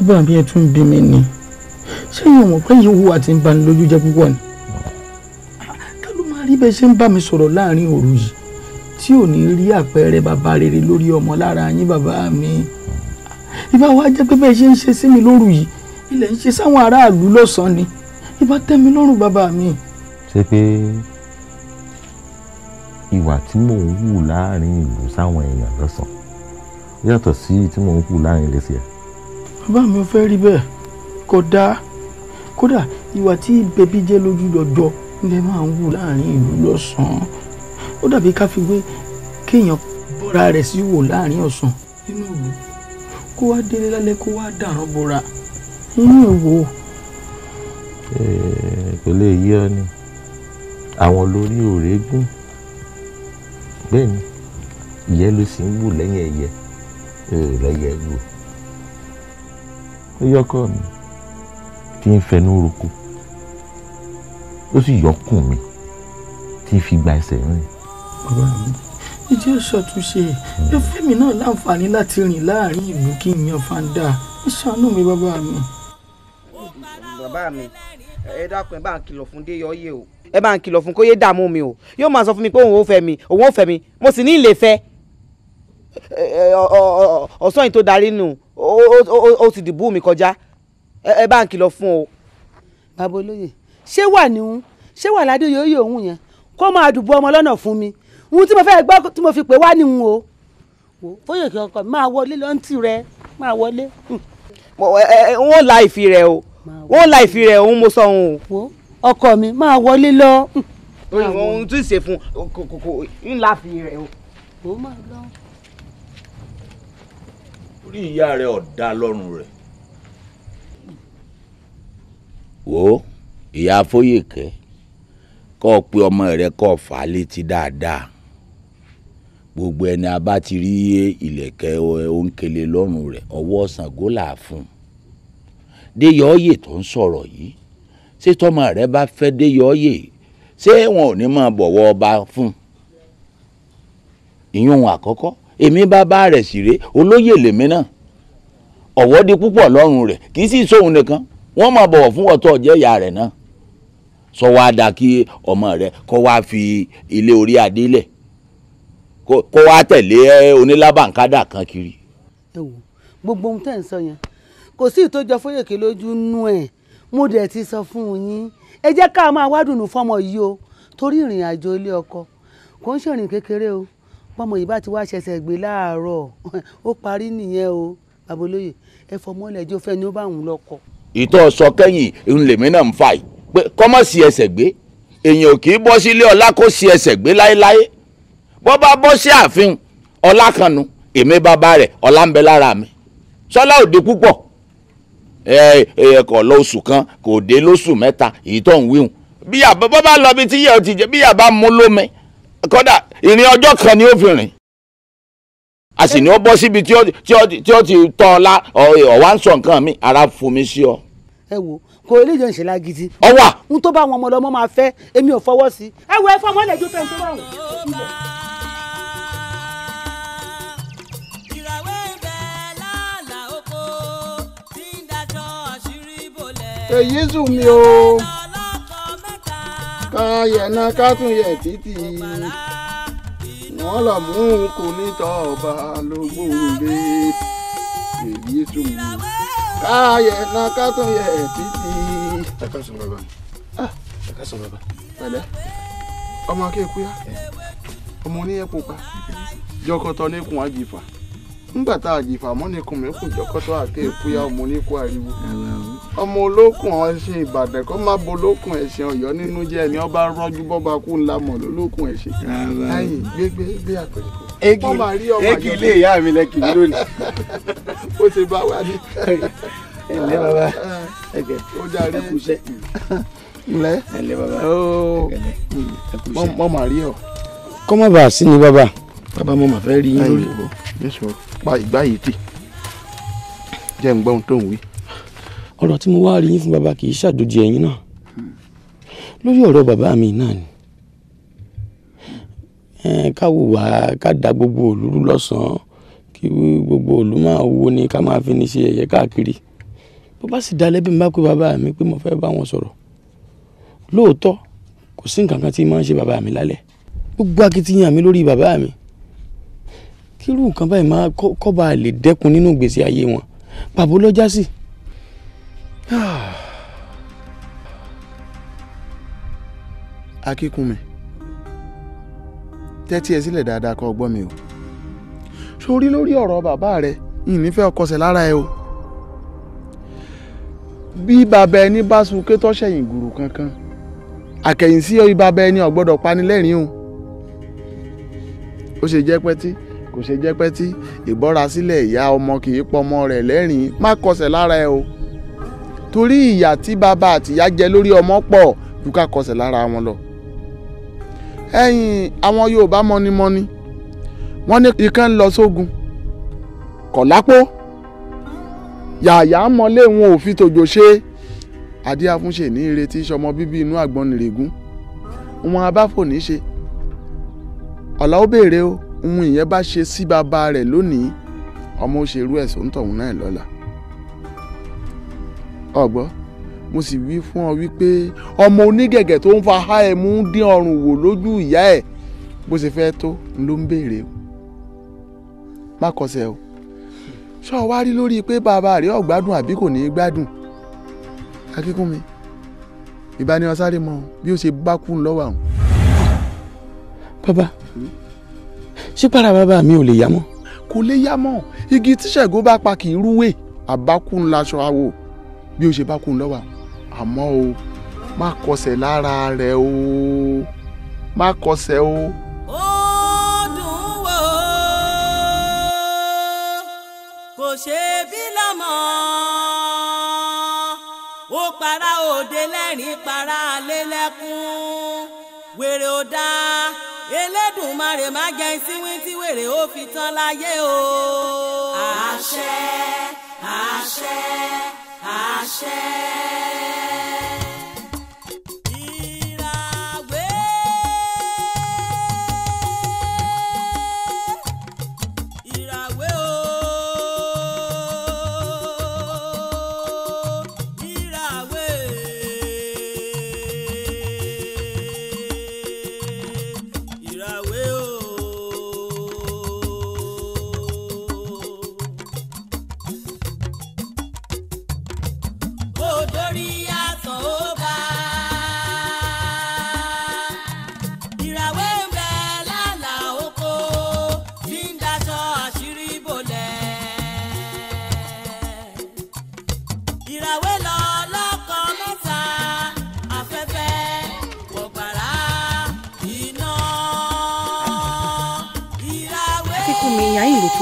bàbá mi ẹ tún bí mi ni ṣé yóò mọ̀ pé yìí hùwà tí ń bani lójú jẹ́ púpọ̀ ni ká ló máa rí bẹ́ẹ̀ ṣe ń bá mi sọ̀rọ̀ láàrin òru yìí tí ò ní rí àpẹẹrẹ bàbá rere lórí ọmọ lára yín bàbá mi ìbá wa jẹ́ pé bẹ́ẹ̀ ṣe ń ṣe sí mi lóru yìí ilẹ̀ ń ṣe sáwọn aráàlú lọ́sàn-án ni ìbá tẹ́ mi lọ́rùn bàbá mi. ṣé pé ìwà tí mò ń hù láàrin ìlú sáwọn èèyàn lọ́sàn-án yàtọ̀ sí tí mò ń hù láàrin ilé sí ẹ̀ bàbá mi ò fẹ́ rí bẹ́ẹ̀ kò dáa kódà ìwà tí bẹbí jẹ́ lójú dọ̀dọ̀ ilẹ̀ máa ń wù láàrin ìlú lọ́sàn-án ó dàbí ká fi wé kéèyàn bọ́ra rẹ̀ sí wò láàrin ọ̀sán nínú ìlú kó wá délé lálẹ́ kó wá dàrán bọ́ra nínú ìwò. ìpínlẹ̀ yìí ọ ni àwọn lórí òrégún bẹ́ẹ̀ ni ìyẹ́ ló sì ń wù lẹ́yìn ẹ̀yẹ lọ́yẹ̀ wò yọkọ mi tí ń fẹnu roko ó sì yọkùn mi tí ń fi gba ẹsẹ̀ rìn. bàbá mi ìjẹ́ ìṣàtúnṣe hmm. ẹ fún mi náà láǹfààní láti rìn láàrin ìlú kí n yan fanda ẹ ṣàánú mi bàbá mi. bàbá mi ẹ dákun ẹ bá ń kìlọ̀ fún déyọ̀ yé o ẹ bá ń kìlọ̀ fún kó yé dààmú mi o yóò máa sọ fún mi pé òun ò fẹ́ mi òun ò fẹ́ mi mo sì ní ilé fẹ́ ọ̀sán yìí tó darí nù ó ó ti dìbò mi kọjá ẹ bá ń kìlọ̀ fún o. bàbá olóye ṣé wà níhun ṣé wà ládé yóò yóò hùn yẹn kó máa dùbò ọmọ lọ́nà fún mi ohun tí mo fẹ́ gbọ́ tí mo fi pè wá níhun o. fóyè kí ọkọ mi máa wọlé lọ́ntì rẹ máa wọlé. wọ́n la ìfi rẹ̀ o wọ́n la ìfi rẹ̀ òun mo sọ òun o. ọkọ mi máa wọlé lọ. ohun tí ì ṣe fún kò kò ńlá fi rẹ̀ o. ó máa lọ orí ìyá rẹ ọ̀dà lọ́rùn rẹ̀. wo ìyá Fóyèkẹ́ kọ́ ọ pé ọmọ rẹ kọ́ fà á létí dáadáa gbogbo ẹni a bá ti rí ìlẹ̀kẹ̀ òǹkele lọ́rùn rẹ̀ ọwọ́ Ṣàngó fún un déyọ ọyẹ tó ń sọ̀rọ̀ yìí ṣé tọmọ rẹ bá fẹ́ déyọ ọyẹ ṣé wọn ò ní máa bọ̀wọ̀ ọba fún un ìyún àkọ́kọ́ èmi bàbá rẹ̀ sì rèé olóyè lèmi náà ọ̀wọ́ di púpọ̀ lọ́rùn rẹ̀ kì í sì sóhun nìkan wọ́n máa bọ̀wọ̀ fún ọ̀tọ̀ ọ̀jẹ́ ìyá rẹ̀ náà sọ wá dáa kí ọmọ rẹ̀ kó wá fi ilé orí adé lẹ̀ kó wá tẹ̀lé onílábàǹkádà kan kiri. ẹ wo gbogbo ohun tẹ́ ń sọ yẹn kò sí ìtòjọ fóyèké lójú nú ẹ̀ mo dẹ̀ ti sọ fún yín ẹ jẹ́ ká máa wádùn fọ́mọ yìí o torí ìrìn àjò ilé ọkọ kò ń ṣèrìn kékeré o pọ́mọ yìí bá ti wá ṣẹ̀ṣẹ̀ gbé láàárọ̀ ó parí nìyẹn o bàbá olóyè ẹ fọmọ́lẹ̀ ẹjọ́ fẹ́ ni ó bá òun lọ́kọ. ìtọ́ sọ kẹ́yìn ń lèmi náà ń fà yìí pé kọ́mọ̀ sí ẹsẹ̀ gbé èèyàn kì í bọ́ sílé ọlá kó sí ẹsẹ̀ gbé láéláé bọ́ bá bọ́ sí ààfin ọlá kan nu èmi bàbá rẹ̀ ọlá ń bẹ lára mi sọlá òde púpọ̀ ẹ kò lọ oṣù kan kò dé lóṣù mẹ́ta èyí tó ń wíhun bí àbá bọ́ bá lọ bí tí yẹ ọ ti jẹ bí àbá mú lómi kọ́dà ìrìn ọjọ́ kan ni ó fi rìn a sì ní ó bọ́ síbi tí ó ti tọ́ ọ la ọ̀wá ń sọ nǹkan mi ara fomi sí ọ. ẹ wo kò eléyìí ń ṣe lágídí. ọwà. n tó bá àwọn ọmọ lọmọ máa fẹ́ èmi ò fọwọ́ sí. ẹ wo ẹ fọwọ́ lẹ́jọ́ fẹ́ tó bá wù. èyí zù mí o ká yẹ̀ náà ká tún yẹ̀ títì wọ́n là mú kò ní tọ́ọ̀bà lógbóǹde èyí sùn káyẹ náà kátó yẹ títí. ẹ ká sùn bàbá ah. ẹ ká sùn bàbá. pẹ̀lẹ́ ọmọ akéèkúyà pa jọkọtọ ní kun àjìfà ńgbà tá a jìfà mọ́nìkùn mẹ́kùn jọ́kọ́tọ́ àti èkúyà ọmọ oníkó ariwo ọmọ olókùn ẹṣin ìbàdàn kó má bo olókùn ẹṣin ọ̀yọ́ nínú jẹ ẹni ọba rọjú bọba kú ńlá mọ lólókùn ẹṣin ẹyìn gbégbé gbé àpẹẹrẹ egi ilé ìyá mi lẹkì mí lónìí. ó ti bá wá ní. ẹ ǹlẹ́ bàbá ó darí ẹkùṣẹ́ ǹlẹ́ ẹ ǹlẹ́ bàbá ẹkùṣẹ́ mọ́ màá rí ọ. kọ́ má bàa sí ni bàbá bàbá mo mà fẹ́ rí yín lórí ìbò pa ìgbá yìí tì jẹ́ ń gbọ́ ohun tó ń wí. ọ̀rọ̀ tí mo wá rí yín fún bàbá kì í ṣàjòjì ẹ̀yin náà lórí ọ̀rọ̀ bàbá mi náà ni ká wùwà ká da gbogbo òlúrú lọ́sàn-án kí gbogbo òlú máa wo ni ká máa fi ní ṣe ẹ̀yẹ káàkiri bó bá sì dalẹ̀ bí mo bá pé bàbá mi pé mo fẹ́ bá wọn sọ̀rọ̀ lóòótọ́ kò sí nǹkan kan tí mo máa ń ṣe bàbá mi lálẹ́ gbogbo akitiyan mi lórí bàbá mi kírú nǹkan báyìí máa kọ́ba lè dẹ́kun nínú ìgbésí ayé wọn bàbá lọ́jà sí. Ah. akíkunmi tẹ́tí ẹ sílẹ̀ dáadáa kọ́ ọgbọ́n mi o sórí lórí ọ̀rọ̀ bàbá rẹ ìnífẹ́ ọkọ̀sẹ̀ lára ẹ o bí bàbá ẹni bá sunké tọ́sẹ̀yìn gùrù kankan àkẹ́yìn sí bàbá ẹni ọ̀gbọ́dọ̀ panilẹ́rìn o ó ṣe jẹ́ pẹ́tí kò ṣe jẹ́ pẹ́ tí ìbọ́ra sílẹ̀ ìyá ọmọ kì í pọmọ rẹ̀ lẹ́rìn má kọsẹ̀ lára ẹ o torí ìyà tí bàbá àtìyá jẹ lórí ọmọ pọ̀ ju ká kọsẹ̀ lára wọn lọ. ẹ̀yin àwọn Yorùbá mọ́nímọ́ní wọ́n ní ikán ń lọ sógun kọ̀lápó yàyà mọ́lé wọn ò fi tòjò ṣe adíàfúnṣe ní ìrètí sọmọ bíbí inú àgbọn nìrègún wọn abáfò ní í ṣe ọ̀la ó béèrè o ohun ìyẹn bá ṣe sí bàbá rẹ̀ lónìí ọmọ ó ṣe irú ẹ̀sùn ń tọ̀hún náà lọ́la ọgbọ́ mo sì wí fún ọ wípé ọmọ onígẹ̀gẹ̀ tó ń fa ha ẹ̀ mú dín ọrùn wò lójú ìyá ẹ̀ bó ṣe fẹ́ tó ló ń béèrè o má kọsẹ̀ o ṣọ́ wá rí lórí pé bàbá rẹ̀ ò gbádùn àbí kò ní í gbádùn akíkúnmi ìbániwọ̀n sáré mọ bí ó ṣe bá kú lọ́wọ́ àwọn. bàbá. Hmm? sípàrà bàbá mi ò lè yá mọ́. kò lè yá mọ́ igi tí Ṣàngó bá pa kì í rúwé àbákùn laṣọ àwò bí ó ṣe bá kùn lọ́wọ́ àmọ́ o má kọsẹ̀ lára rẹ̀ o má kọsẹ̀ o. ó dùn wò kò ṣe bí lọ́mọ́ ó para òde lẹ́rìn para lélẹ́kùn wèrè ó dáa. Èdùmàrè má jẹ́ ìsínwí tí wèrè ó fi tán láyé o. àṣẹ àṣẹ àṣẹ.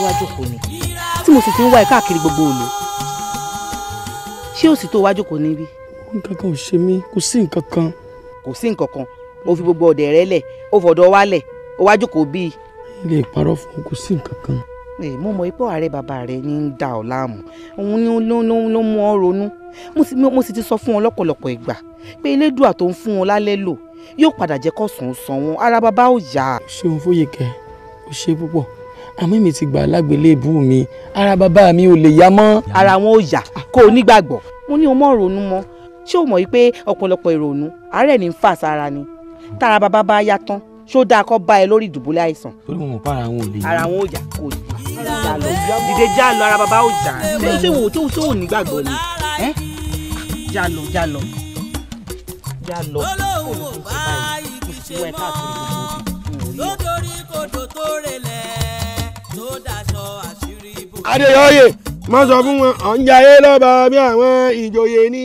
wá jókòó ni tí mo sì ti ń wá ẹ káàkiri gbogbo òòlù ṣé o sì tó wá jókòó níbí. nǹkan kan ò ṣe mí kò sí nǹkan kan. kò sí nǹkan kan o fi gbogbo ọ̀dẹ̀ rẹ lẹ̀ o fọ̀dọ̀ wa lẹ̀ o wá jókòó bíi. ilé ìparọ́ fún kò sí nǹkan kan. ee mo mọ ipò ààrẹ bàbá rẹ ní í da ọ láàmú òun ni ló mú ọ ronú mo sì ti sọ fún ọ lọ́pọ̀lọpọ̀ ìgbà pé elédùà tó ń fún ọ lálẹ́ lò yóò padà jẹ́ kó sùn sàn ara bàbá ò yá. ṣé òun fòye kẹ́ ò ṣe púpọ̀ àmọ́ èmi ti gbà lágbélébù mi ara bàbá mi ò lè yá mọ́. ara wọn ò yá kó o nígbàgbọ́ mo ní o mọ̀ ronú mọ́ ṣé o mọ̀ wípé ọ̀pọ̀lọpọ̀ ìrònú àárẹ̀ ní ń fà sára ni tára bàbá bá yá tán ṣó dáa kó bá ẹ lórí ìdùbúlẹ̀ àìsàn. torí mo mọ̀ pé ara wọn ò lè yá. ara wọn ò yá kò ní dìde já lọ ara bàbá ò já ṣé ṣé tó tó nígbàgbọ́ ni já lọ já lọ já lọ kò ní kí n báyìí kò adéyọyè má sọ fún wọn ọ̀ ń jayé lọ́ba bí àwọn ìjòyè ní.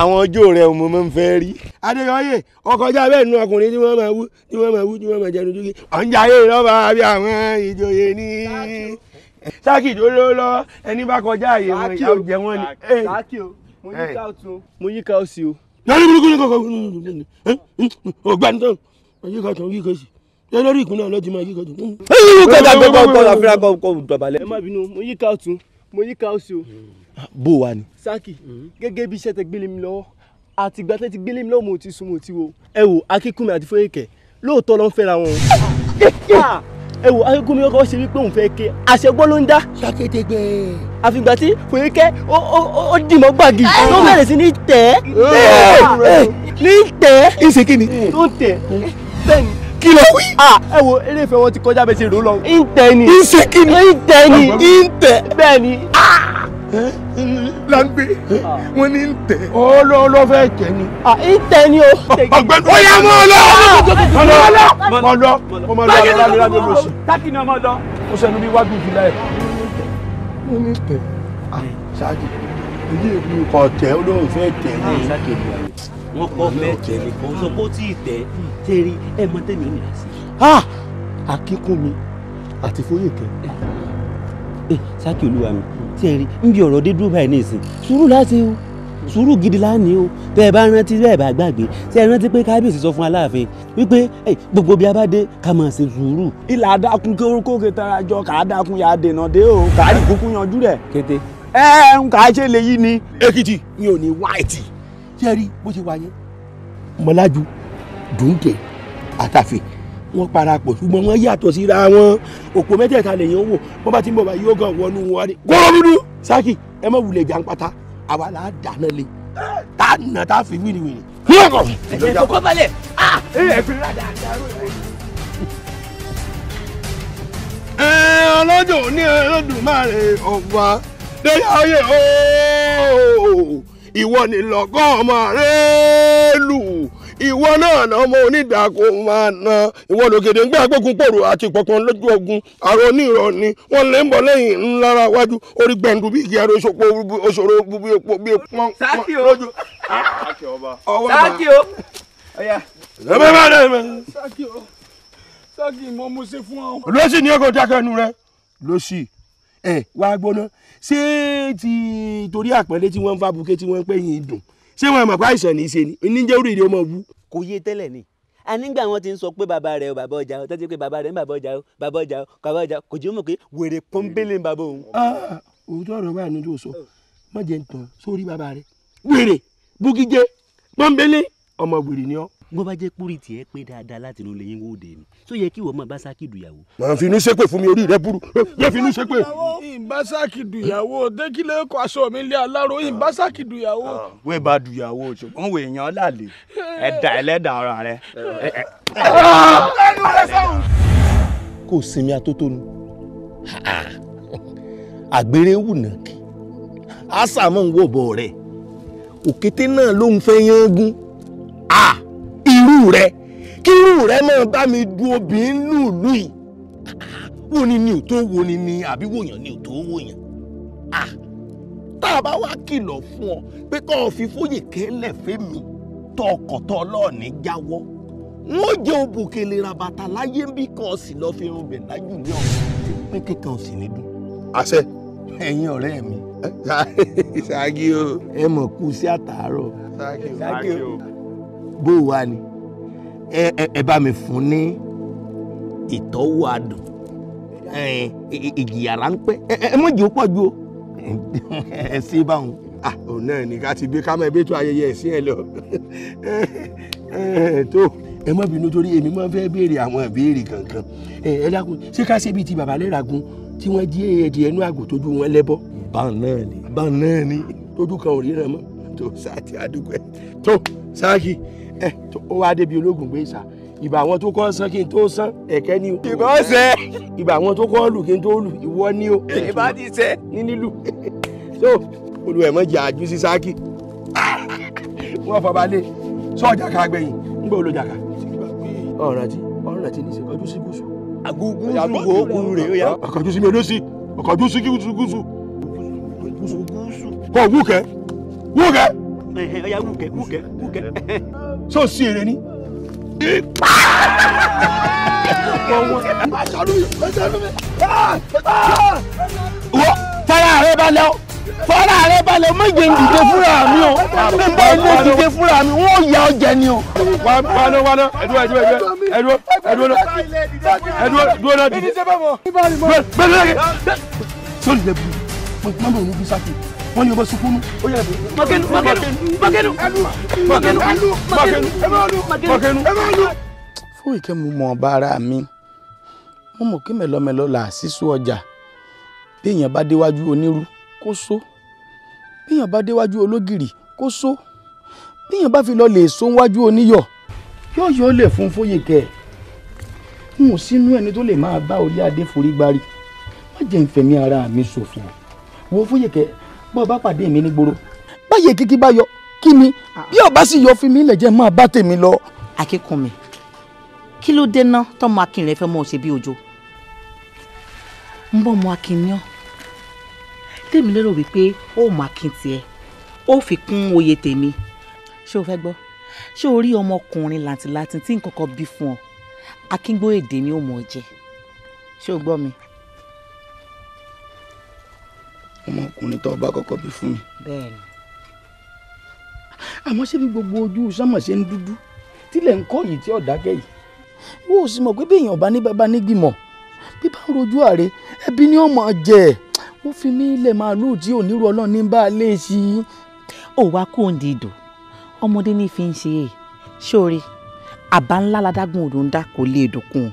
àwọn ọjọ́ rẹ̀ mo máa ń fẹ́ rí. adéyọyè ọkọjá bẹ́ẹ̀ nu ọkùnrin tí wọ́n máa wú tí wọ́n máa wú tí wọ́n máa jẹnu dúkì ọ̀ ń jayé lọ́ba bí àwọn ìjòyè ní sáàkì tó ló lọ ẹni bá kọjá àyè wọn ìyá òjẹ wọn ni. sáàkì o mo yí ká o tún. mo yí ká o sí o. lórí burúkú ni kòkó ọgbà nítorí mo yí ká o tún yí ká o sí lórí ìpínlẹ̀ ọ̀nà ti máa yí kọjú. ẹyìn ìlú kẹta gbogbo ọgbọ́n àfihàn kọ kọ dọ̀bálẹ̀. ẹ má bínú mo yí káàtún mo yí káàsì o. bó wa ni. Saki gẹ́gẹ́ bí iṣẹ́ tẹ gbélé mi lọ́wọ́ àti ìgbà tẹ ti gbélé mi lọ́wọ́ mo ti sùn mo ti wo. ẹ wo akínkùnmi àti Fóyèkẹ́ lóòótọ́ ló ń fẹ́ra wọn. ẹ wo akínkùnmi ọkọ ṣe wípé òun fẹ́ ké àṣegbọ́ ló ń dá. sakétégbé. àfìgbà tí Fóyèkẹ́ ó dìmọ́ gbàgì ló bẹ̀rẹ̀ sí ní tẹ̀ ní tẹ̀. ń ṣe kí ni. tó ń tẹ̀ bẹ́ẹ̀ ni kí ló wí. ẹ wo eré ìfẹ́ wọn ti kọjá bẹ́ẹ̀ ṣe rò lọ. ń tẹ ni. ń ṣe kí ni. ń tẹ ni. ń tẹ. bẹ́ẹ̀ ni. láńgbé wọn ní ń tẹ. olóòlò fẹ́ tẹ ni. ń tẹ ni o. ọgbẹ́ni ó yà mọ́ ọ lọ. mọ lọ mọ lọ mọ lọ mọ lọ mọ lọ sí. tákì náà mọ lọ. ó sẹnu bí wájú ìfìlà ẹ. wọn ní tẹ. ṣáàjì èyí èmi kò tẹ olóòfẹ tẹ ní wọn kọ́ fẹ́ tẹ̀ nìkan sọ pé ó tí ì tẹ̀ tẹ̀rí ẹ̀ mọ tẹ̀mí ò ní àṣẹ. akínkúnmi àti fóyèké. sákì olúwa mi tẹ̀rí ń bí ọ̀rọ̀ dé dúró báyìí nísìn sùúrù láti o sùúrù gidi lánìí o tẹ ẹ bá rántí bẹ́ẹ̀ bá gbàgbé tẹ ẹ rántí pé kábíyèsí sọ fún aláàfin wípé gbogbo bí a bá dé ká máa ṣe sùúrù. ilà adákun kóró kè jọ kà á dákun yà á dènà dé o kà á rí kúkú yanjú rẹ. kété. ẹ ń kà á ṣe lè yí ni. èkìtì mi ò ní wáìtì jẹ́rí bó ṣe wà yẹn mọ́lájú dùnkè àtàfẹ́ wọ́n parapọ̀ ṣùgbọ́n wọ́n yàtọ̀ síra wọn òpó mẹ́tẹ̀ẹ̀ta lèyàn wò wọ́n bá ti ń bọ̀ báyìí ọgàn wọnú wọn ni. gbọ́dọ̀dúdú sákì ẹ má wulẹ̀ jà ń pata àwa là á dáná le tá a nà tá a fi wíni wíni. ẹ̀jẹ̀ tó kọ́ balẹ̀ ẹ̀ fi rádà dáró rẹ̀. ẹ ọlọ́jọ́ ní Olódùmarè ọ̀gbà lórí ayé ooo ìwọ nìlọ́gọ́ ọmọ rẹ́ẹ̀lù ìwọ náà náà ọmọ onídàákọ máa na ìwọ lògèdè ń gbé agbógun pòrò àti ìpọ̀kan lójú ogun àrò onírọ̀ ni wọ́n lè ń bọ̀ lẹ́yìn ńlára wájú orí gbẹ̀ǹdù bí ìgbé ara ìṣòpọ̀ òṣòro bí epo bí epo mọ́ lójú. ọba sáàkì o ọ̀yà. ẹ̀mẹ́ bá dẹ̀ mẹ́. sáàkì o sáàkì mo mú sí fún ọ. lọ́sì ni ẹ kò rẹ lọ́sì ẹ wá gbóná ṣé ti torí àpẹẹrẹ tí wọ́n ń fàbùkẹ́ tí wọ́n ń pè yín dùn ṣé wọn àmọ̀ pé àìsàn ní í ṣe ni níjẹ́ orí rẹ̀ ó mọ̀ kò yé tẹ́lẹ̀ ni a nígbà wọn ti ń sọ pé bàbá rẹ o bàbá ọjà o tẹ́tí pé bàbá rẹ ń bàbá ọjà o bàbá ọjà o bàbá ọjà o kò jẹ́ mọ̀ pé wèrè pọ́ńbélé ń bàbá òun. Ah, òótọ́ ọ̀rọ̀ wà nínú o má jẹ́ ń tàn sórí bàbá rẹ wèrè bukije pọ́ńbélé ọmọ wèrè ni ọ́ wọ́n bá jẹ́ kúrì tiẹ̀ pé dáadáa láti inú lẹ́yìn wò dé ni tó yẹ kí wọ́n máa bá sáàkì dùyàwó. màá fi inú ṣépè fún mi orí rẹ burú yẹ fi inú ṣépè. ìbásáàkì dùyàwó dékìlẹ̀ kọ aṣọ mi lé aláró ìbásáàkì dùyàwó. Ah, wẹ́ẹ̀ bá dùyàwó ṣùgbọ́n wèé yan láàlè ẹ̀dà ẹlẹ́dà ara rẹ. kò sinmi atótónu àgbèrè wù náà kí àṣà mọ̀ ń wọ̀ bọ̀ rẹ̀ òkété náà ló ń fẹ́ yán gún irú rẹ kí irú rẹ náà bá mi du obìnrin lùlù yìí wo ni ni ò tó wo ni ni àbí wòyàn ni ò tó wòyàn tá a bá wá kìlọ̀ fún ọ pé kọ́ ọ fi fóyè kélẹ̀ fẹ́mi tọ ọkọ̀ tọ ọlọ́ọ̀ni jáwọ́ wọ́n jẹ́ òbòkèlè rabata láyé bí kan sì lọ́ọ́ fi irun bẹ̀ lájú ní ọ̀hún tí pété kan sì ní dùn. àṣẹ. ẹ̀yin ọ̀rẹ́ mi. ṣáàgì o. ẹ mọ̀ kú sí àtàárọ̀. ṣáàgì o. bó o ni ẹ ẹ bá mi fún ní ìtọ́wò adùn ìjìyà ráńpẹ́ ẹ mọ̀ jẹ́ ó pọ̀ ju o ẹ sí báwọn. Ah, òun náà ní ká ti gbé ká máa bẹ́tọ̀ ayẹyẹ ẹ̀sìn ẹ lọ tó ẹ má bínú torí èmi máa ń fẹ́ béèrè àwọn ìbéèrè kankan ẹ dákun ṣé ká ṣe bíi ti bàbá lẹ́ràgún tí wọ́n jí èdè ẹnu àgò tójú wọn lẹ́bọ́. báwọn náà ni báwọn náà ni tójú kan ò ríran mọ́ tó sáà ti àdúgbò ẹ tó sáà kìí ẹ eh, ó wá débi ológun gbé ìsà ìbà àwọn tó kọ́ sán kí n tó sán ẹ̀kẹ́ ni o. ìbá ọ̀sẹ̀. ìbà àwọn tó kọ́ lù kí n tó lù ìwọ ni o. ìbá ti sẹ́. ní nílù. so olùwẹ̀mọ̀ jẹ́ àjú sí sáàkì. wọ́n fọba lé sọ jàkà gbẹ̀yìn ń gbọ́ olùjàkà. ọ̀ràn tí ọ̀ràn tí ní ṣe kọjú sí gúúsù. àgùgù wo òkú rè é. ọ̀kọ̀jú sí mi ló sí ọ̀kọ̀jú sí gúúsù gúúsù. gúúsù gúúsù. kọ wúkẹ́ wúkẹ́ ọ̀yà wùkẹ́ wùkẹ́ wùkẹ́. sọ sí eré ni. wọ́n fara rẹ balẹ̀ o fara rẹ balẹ̀ o méje ń dìde fúnra mi o bí n bá fúnra mi wọ́n ya ọjà ni o. wánà wánà ẹ̀dúrà ẹ̀dúrà ẹ̀dúrà ẹ̀dúrà ẹ̀dúrà ẹ̀dúrà náà dìde. bẹ́ẹ̀ bẹ́ẹ̀ bẹ́ẹ̀ sọ́ọ̀lù lẹ́bùrú mo ti máa ń bọ̀ ọ́nú bí sáfì wọ́n ní ọmọ sunkún nù. makenu makenu makenu makenu makenu makenu. fún ìkẹ́ mo mọ ọba ara mi mo mọ̀ kí mẹ́lọ́mẹ́lọ́ là sísú ọjà bí èèyàn bá déwájú onírú kó só bí èèyàn bá déwájú ológìrì kó só bí èèyàn bá fi lọ lè so wájú oníyọ̀ yóò yọ ọ lè fún Fóyèkẹ́ n ò sínú ẹni tó lè máa bá orí adé forí gbárí má jẹ́ n ara mi ṣòfò wo Fóyèkẹ́ bó o bá pàdé mi ní gbòòrò báyìí kíkí bá yọ kí mi ah. bí ọba sì yọ fún mi lè jẹ́ máa bá tèmi lọ. akínkùnmi kí ló dé ná tọmọ akin rẹ fẹ́ mọ ṣe bí òjò ń bọ ọmọ akin ni ọ tèmi lérò wípé ó mọ akin tiẹ ó fi kún oyè tèmi ṣé o fẹ́ gbọ́ ṣé o rí ọmọkùnrin làǹtìlantin tí nǹkan kan bí fún ọ akíngbó èdè ni ó mọ̀ ọ́ jẹ ṣé o gbọ́ mi ọmọkùnrin tó bá kọ́kọ́ bí fún mi. bẹ́ẹ̀ni. àmọ́ ṣé bí gbogbo ojú sánmọ̀ ṣe ń dúdú tílẹ̀ ń kọ́ yìí tí ọ̀dákẹ́ yìí wo ò sì mọ̀ pé béèyàn bá ní bàbá nígbìmọ̀ bí bá ń rojú ààrẹ ẹbí ni ọmọ jẹ ó fi mí lẹ̀ máa lù tí onírú ọlọ́run ní bá a lè ṣí. ò wá kó ń di ìdò ọmọdé ní fi ń ṣe é ṣóore àbá ńlá ladágún odò ń dá kò lè dòkun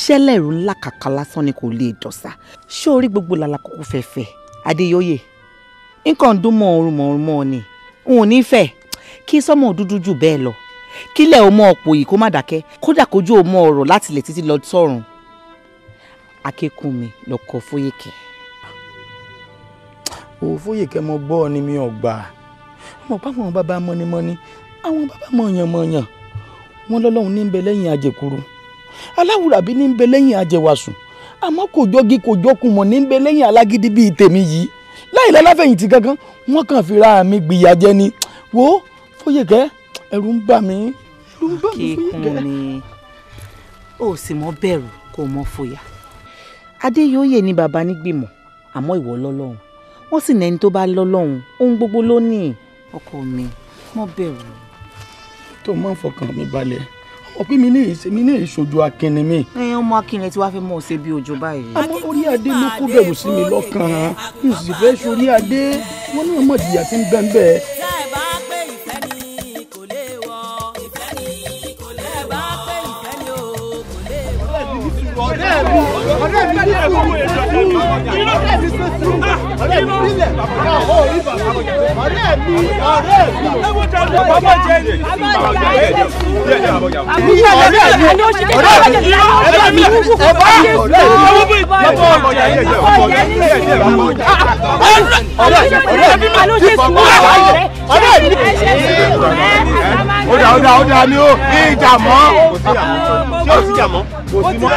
ṣẹlẹ̀rù ńlá kàkà lásán ni kò lè dọ̀sà ṣóore gbogbo làlàkókò fẹ́fẹ́ adéyòye nǹkan ń dún mọ́ ọ̀run mọ́ ọ̀run mọ́ ọ ni n ò ní fẹ́ kí sọ́mọ dúdú jù bẹ́ẹ̀ lọ kílẹ̀ o mọ ọ̀pọ̀ yìí kó má dákẹ́ kódà kójú o mọ láti lè títí lọ sọ́run akẹ́kùn mi lọ́kọ̀ fóyèkẹ́. o fóyèkẹ́ mo gbọ́ ọ ni mi ò gbà mo pa àwọn bàbá mọ́nímọ́ní àwọn bàbá mọ̀yànmọ̀yàn wọn lọ́lọ́run ní ń bẹ lẹ́yìn àjẹkùrú aláwùrábí ní ń bẹ lẹ́yìn àjẹwàsùn àmọ́ kò jogi kò jokun mọ̀ ní bẹ lẹ́yìn alágídí bíi tèmi yìí láì lọ́láfẹ̀yìntì kankan wọ́n kàn fi ra mi gbìyà jẹ ni wo Fóyèkẹ́ ẹ̀rù ń bà mí. kíkún ni o sì mọ bẹ̀rù kó mọ fòyà. adéyòye ni bàbá nígbìmọ̀ àmọ́ ìwọ lọ́lọ́run wọ́n sì nẹni tó bá lọ́lọ́run ohun gbogbo ló ní. ọkọ mi mo bẹ̀rù. tó o máa ń fọkàn mi balẹ̀ mọ̀ pé mi ní ìṣe mi ní ìṣojú akínni mi. ẹyin ọmọ akínni tí wàá fi mọ òṣè bí òjò báyìí. àmọ́ orí adé ló kó bẹ̀rù sí mi lọ́kàn án n sì fẹ́ sórí adé wọn náà mọ̀ ìyà ń bẹ́ẹ̀ bẹ́ẹ̀ ọ̀dà ọ̀dà ọ̀dà ni ó ní ìjà mọ́. kò sí ìjà mọ́ kò sí mọ́.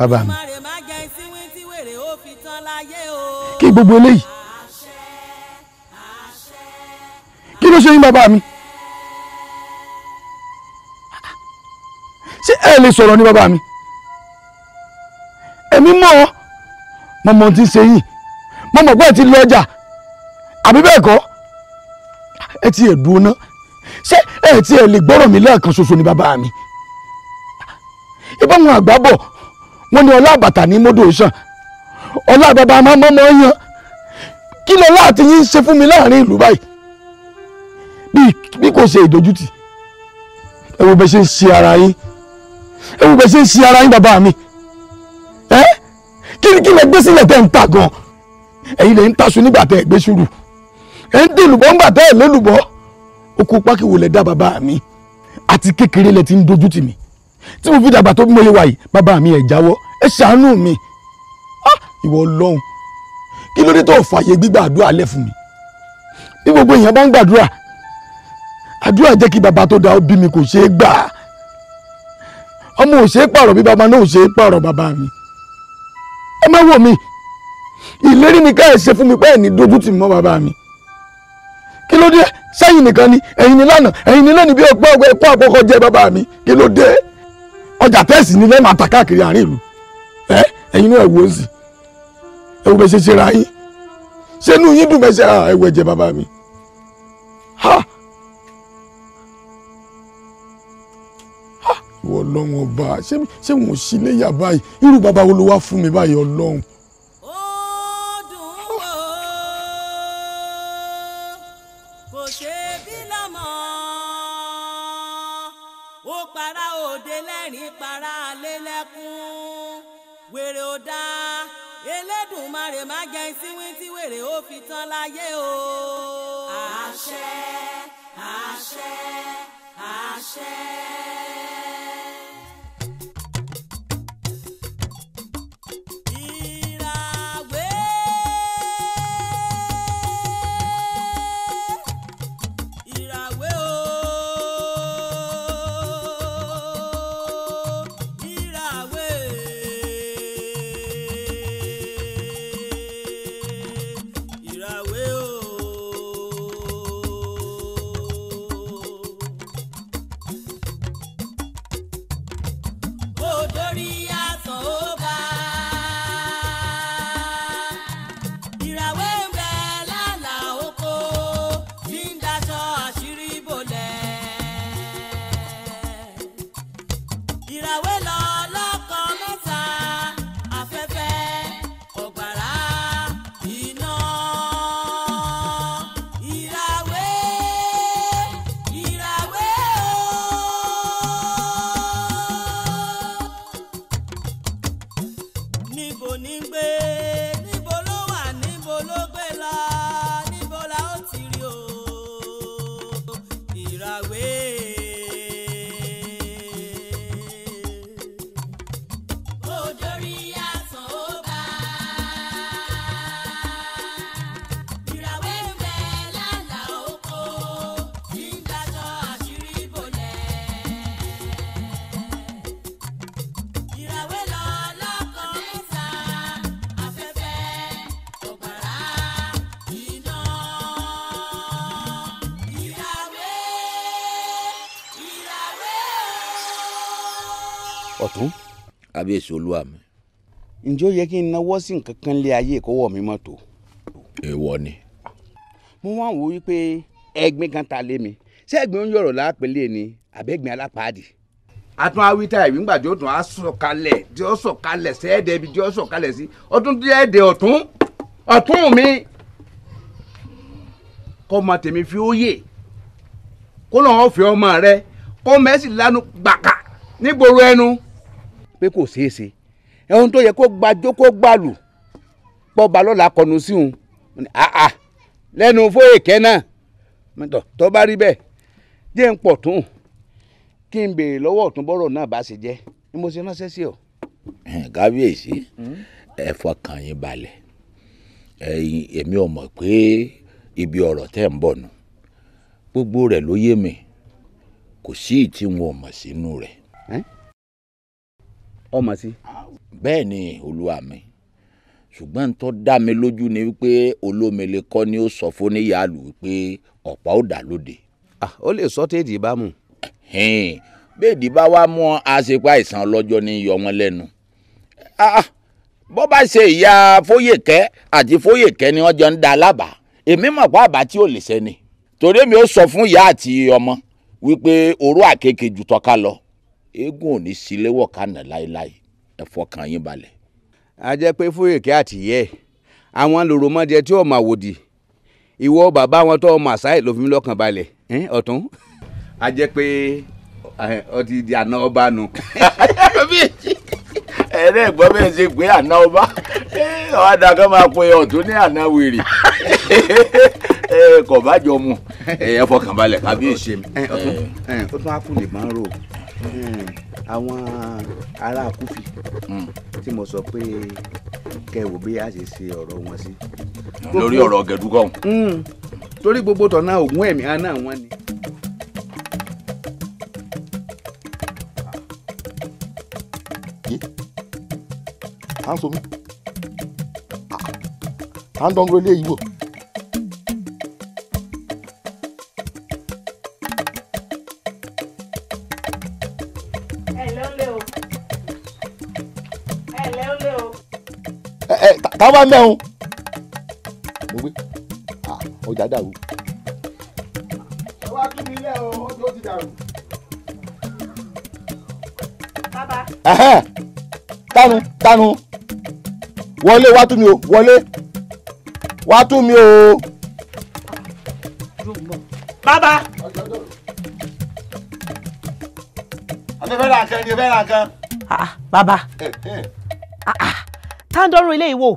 bàbá mi kí gbogbo eléyìí kí ló ṣe yín bàbá mi ṣé ẹ lè sọ̀rọ̀ ní bàbá mi èmi mọ̀ ọ́ mo mọ̀ tí ń ṣe yín mo mọ̀ pé ẹ ti lọ ọjà àbí bẹ́ẹ̀ kọ́ ẹ ti ẹ̀ ná ṣé ẹ ti ẹ̀ lè gbọ́rọ̀ mi lẹ́ẹ̀kan ṣoṣo ní bàbá mi ìbámu àgbà bọ̀ wọ́n ní ọlá àbàtà ní mọ́dọ̀ sàn ọlá àbàbà máa mọ́ mọ́ yan kí lọ láti yín ṣe fún mi láàrin ìlú báyìí bí kò ṣe ìdójútì ẹ wo bẹ ṣe ń ṣe ara yín ẹ wo bẹ ṣe ń ṣe ara yín bàbá mi ẹ kí ni kí lẹ gbé sílẹ̀ tẹ́ ń ta gan ẹ̀yin lẹ ń taṣu nígbà tẹ́ ẹ gbé ṣùrù ẹ ń dèlùbọ́ ńgbà tẹ́ ẹ lélùbọ́ ó kó pákíwò lẹ bàbá mi àti kékeré lẹ ti ń dojú tì tí mo fi dàgbà tó bí mo yìí bàbá mi ẹ̀ jáwọ́ ẹ ṣàánú mi ìwọ ọlọ́run kí ló dé tó fààyè gbígbà àdúrà lẹ̀ fún mi bí gbogbo èèyàn bá ń gbàdúrà àdúrà jẹ́ kí bàbá tó da ó bí mi kò ṣeé gbà ọmọ ò ṣeé pààrọ̀ bí bàbá náà ò ṣeé pààrọ̀ bàbá mi ẹ má wò mí ìlérí ni ká ṣe fún mi pé ẹ ní dojú tì mọ́ bàbá mi kí ló dé sẹ́yìn nìkan ni ẹ̀yin ni lánàá ẹ̀yin ni lónìí bí ọgbà ọgbà ẹ̀kọ́ àkọ́kọ́ jẹ́ bàbá mi kí ló dé ọjà tẹ́sì ni lẹ́ẹ̀ máa tà káàkiri àárín ìlú ẹ ẹ̀yin náà wò ó sì ẹ wò bẹ́ẹ̀ ṣe ṣe ra yín ṣé inú yín dùn bẹ́ẹ̀ ṣe ẹ ẹ̀jẹ̀ bàbá mi ha ha ìwọ ọlọ́run ọba ṣé wọn ò sí ilé yà báyìí irú bàbá wo ló wá fún mi báyìí ọlọ́run. má jẹ́ síwín tí wèrè ó fi tán láyé o. àṣẹ àṣẹ àṣẹ. kábíyèsí olúwa mi. ǹjẹ́ ó yẹ kí n náwó sí nǹkan kan lé ayé ìkọ́wọ́ mi mọ́ tó. èèwọ̀ ni. mo wá wò wípé ẹ̀gbin kan ta lé mi ṣé ẹ̀gbin ń yọ̀rọ̀ lápẹ́lẹ́ ni àbẹ́gbin alápáàdì. atún awítá ìwé ńgbà tí ó tún á sọ̀kalẹ̀ tí ó sọ̀kalẹ̀ sẹ́ẹ̀dẹ̀ ibi tí ó sọ̀kalẹ̀ sí ọtún díẹ̀dẹ̀ ọ̀tún ọ̀tún mi kọ́ ọmọ tèmi fi ó yè kó lọ́wọ́ fi ọmọ rẹ kó mẹ́sì lánàá gbàkà nígboro ẹnu pé kò ṣeé ṣe ohun tó yẹ kó gbàjó kó gbàlù pọba lọ́la kọnu sí òun àà lẹ́nu fóyèkẹ́ náà tó bá rí bẹ́ẹ̀ jẹ́ ń pọ̀ tún kí n béèrè lọ́wọ́ ọ̀tún bọ́rọ̀ náà bá ṣe jẹ́ ni mo ṣe ránṣẹ́ sí ọ. kábíyèsí ẹ fọkàn yín balẹ̀ èmi ò mọ̀ pé ibi ọ̀rọ̀ tẹ́ ń bọ̀ nù gbogbo rẹ̀ ló yé mi kò sí ìtí wọn ò mọ̀ sínú rẹ̀ ọmọ sí. bẹ́ẹ̀ ni olúwa mi ṣùgbọ́n n tó dá mi lójú ni wípé olómele kọ́ ni ó sọ fún níyàlú wípé ọ̀pá ò dà lóde. ó lè sọ téèdì bá mu. béèdì bá wá mú àṣepa ìsàn ọlọ́jọ́ ní yọ wọn lẹ́nu. Ah, bó bá ṣe ìyá fóyèkẹ́ àti fóyèkẹ́ ni wọ́n jọ ń da alábàá èmi mọ̀ pé àbá tí ò lè sẹ́ni torí mi ò sọ fún ìyá àti ọmọ wípé oró àkekèé ju tọ́ka lọ egun ò sí léwọ̀ kánà láéláé yín a jẹ́ pé fúyèké àtìyẹ́ àwọn lòròmọdé tí ò máa ìwọ bàbá wọn tó ọmọ àṣà ìlò fún lọ́kàn balẹ̀ a jẹ́ pé ọtí di àná ọba nu. ẹ̀rẹ́ bẹ́ẹ̀ ṣe pé àná ọba ọ̀hún àdàkọ́ máa pe ọ̀tún ní àná wèrè mu balẹ̀ kábíyèsí ọtún Hmm. àwọn ará kúfì hmm. tí mo sọ pé kẹwò bí a ṣe ṣe ọ̀rọ̀ wọn sí. lórí ọ̀rọ̀ gẹ̀dúgọ̀. Hmm. torí gbogbo tọ̀nà ògùn ẹ̀mí aná wọn ni. à ń sọ mi à ń dán dúró lé yìí wò. táwa mẹ́hun mo gbé ọjà dàrú. ẹ wá tún mi lẹ́ o ọjọ́ ti dàrú. bàbá. tánu tánu wọlé wá tún mi o wọlé wá tún mi o. bàbá. àti fẹ́ ra kan ni fẹ́ ilé ah, ah, ah. ìwò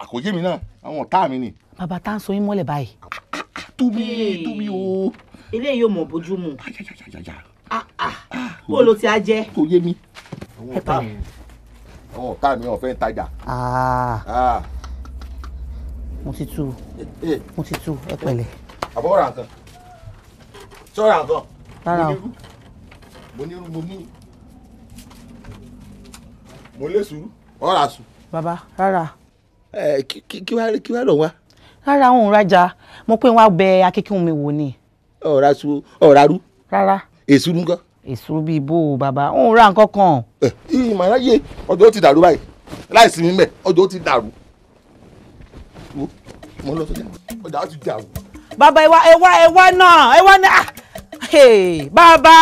àkójé mi náà àwọn ọ̀tá mi ni. bàbá tá à ń so yín mọ́lẹ̀ báyìí. tóbi tóbi o. eléyìí ò mọ̀ bójú mu. Ah, ah. Ah, bó ló ti á jẹ́. kò yé mi. àwọn ọ̀tá mi àwọn ọ̀tá mi ò fẹ́ tajà. mo ti tú eh, eh. mo ti tú ẹ pẹ̀lẹ́. àbọ̀ ra nǹkan sọ́ra nǹkan. rárá o mo ní mo ní mo lé sùúrù ọ̀rà sùn. bàbá rárá. Eh, kí wàá kí wàá lọ wá. rárá òun rajà mo pé wàá bẹ akíkún mi wò ni. ọ̀rá su ọ̀rá rú. rárá. èsù rú nǹkan. èsù bíi bó o bàbá òun ra nǹkan kan. ẹ eh, ẹ màá yé ọjọ́ ti dàrú báyìí láìsí mi mẹ́ ọjọ́ ti dàrú mo lọ sọjà ọjà á ti dàrú. bàbá ẹ wá ẹ wá ẹ wá náà ẹ wá náà ah, bàbá.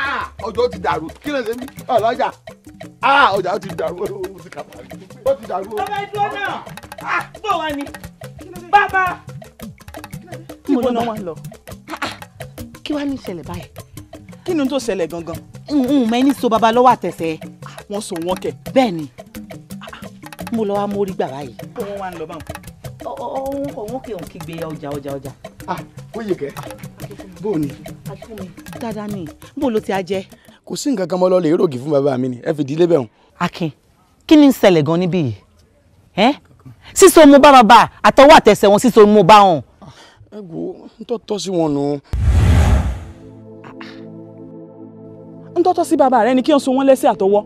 Ah, ọjọ́ ti dàrú kí ló ń ṣe mí ọlọ́jà ah, ọjà ti dàrú ó ti kà parí ó ti dàrú o. ọba ìdúró náà ah, bó wà ní bàbá. mo lọ wọn lọ ah, ah. kí wàá ní ìṣẹ̀lẹ̀ báyìí. kí ni tó ṣẹlẹ̀ gangan. n mẹ́ni so bàbá lọ́wọ́ àtẹ̀sẹ̀. wọ́n so wọ́n kẹ̀. bẹ́ẹ̀ ni mo lọ wá mórí gbà báyìí. kó wọn wá ń lọ báwọn. òun kò wọ́n kì í kígbe ọjà ọjà ọjà. ó yẹ kẹ́ bó o ní. dáadáa ni bó o lo ti a jẹ. kò sí nǹkan kan mọ́ lọ́ọ́ lè rògì fún bàbá mi ni ẹ fi dílé bẹ́ẹ̀ hàn. akin kí ni ń ṣẹlẹ̀ gan níbí yìí ẹ́ sísọ mo bá bàbá àtọwọ́ àtẹsẹ̀ wọn sísọ mo bá wọn. ẹ gbọ́ ń tọ́ tọ́ sí wọn nù. ń tọ́ tọ́ sí bàbá rẹ ni kí wọ́n so wọ́n lẹ́sẹ̀ àtọwọ́.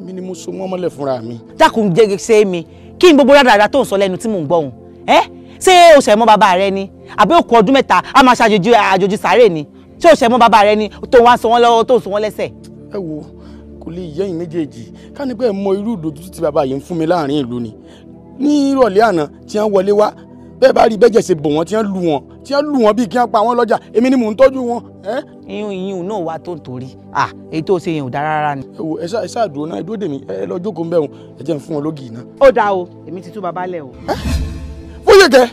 èmi ni mo so wọ́n mọ́lẹ̀ fúnra mi. dákun jẹ́ ṣe é mi kí n gbogbo dáadáa tó ń sọ lẹ́nu tí mò ń gbọ́ òun ẹ́ ṣé o ṣẹ̀ mọ́ bàbá rẹ ni àbí òkú ọdún mẹ́ta a máa ṣàjòjì àjòjì sàárè ni ṣé o ṣẹ̀ mọ́ bàbá rẹ ni tó wá so wọ́n lọ́wọ́ tó so wọ́n lẹ́sẹ̀. ẹ wo ẹ̀yìnkùlé ìyá ẹ̀yìn méjèèjì ká mọ irú ìdójútì tí bàbá yìí ń fún mi láàrin ìlú ni ní ìrọ̀lẹ́ àná tí wọ́n wọlé wá bẹ́ẹ̀ bá rí bẹ́jẹ̀ ṣe bò wọ́n tí wọ́n lù wọ́n tí wọ́n lù wọ́n bíi kí wọ́n pa wọ́n lọ́jà èmi ni mò ń tọ́jú wọn. iyún iyún náà wá tó torí ah èyí tó ṣe yẹn ò dára rárá ni. ẹ wo ẹ ṣáà dúró náà ẹ dúró ẹ lọ jókòó ń bẹ̀ ẹ jẹ́ ń fún wọn lógì iná. ó dáa o èmi ti tú baba lẹ o. fóyèkẹ́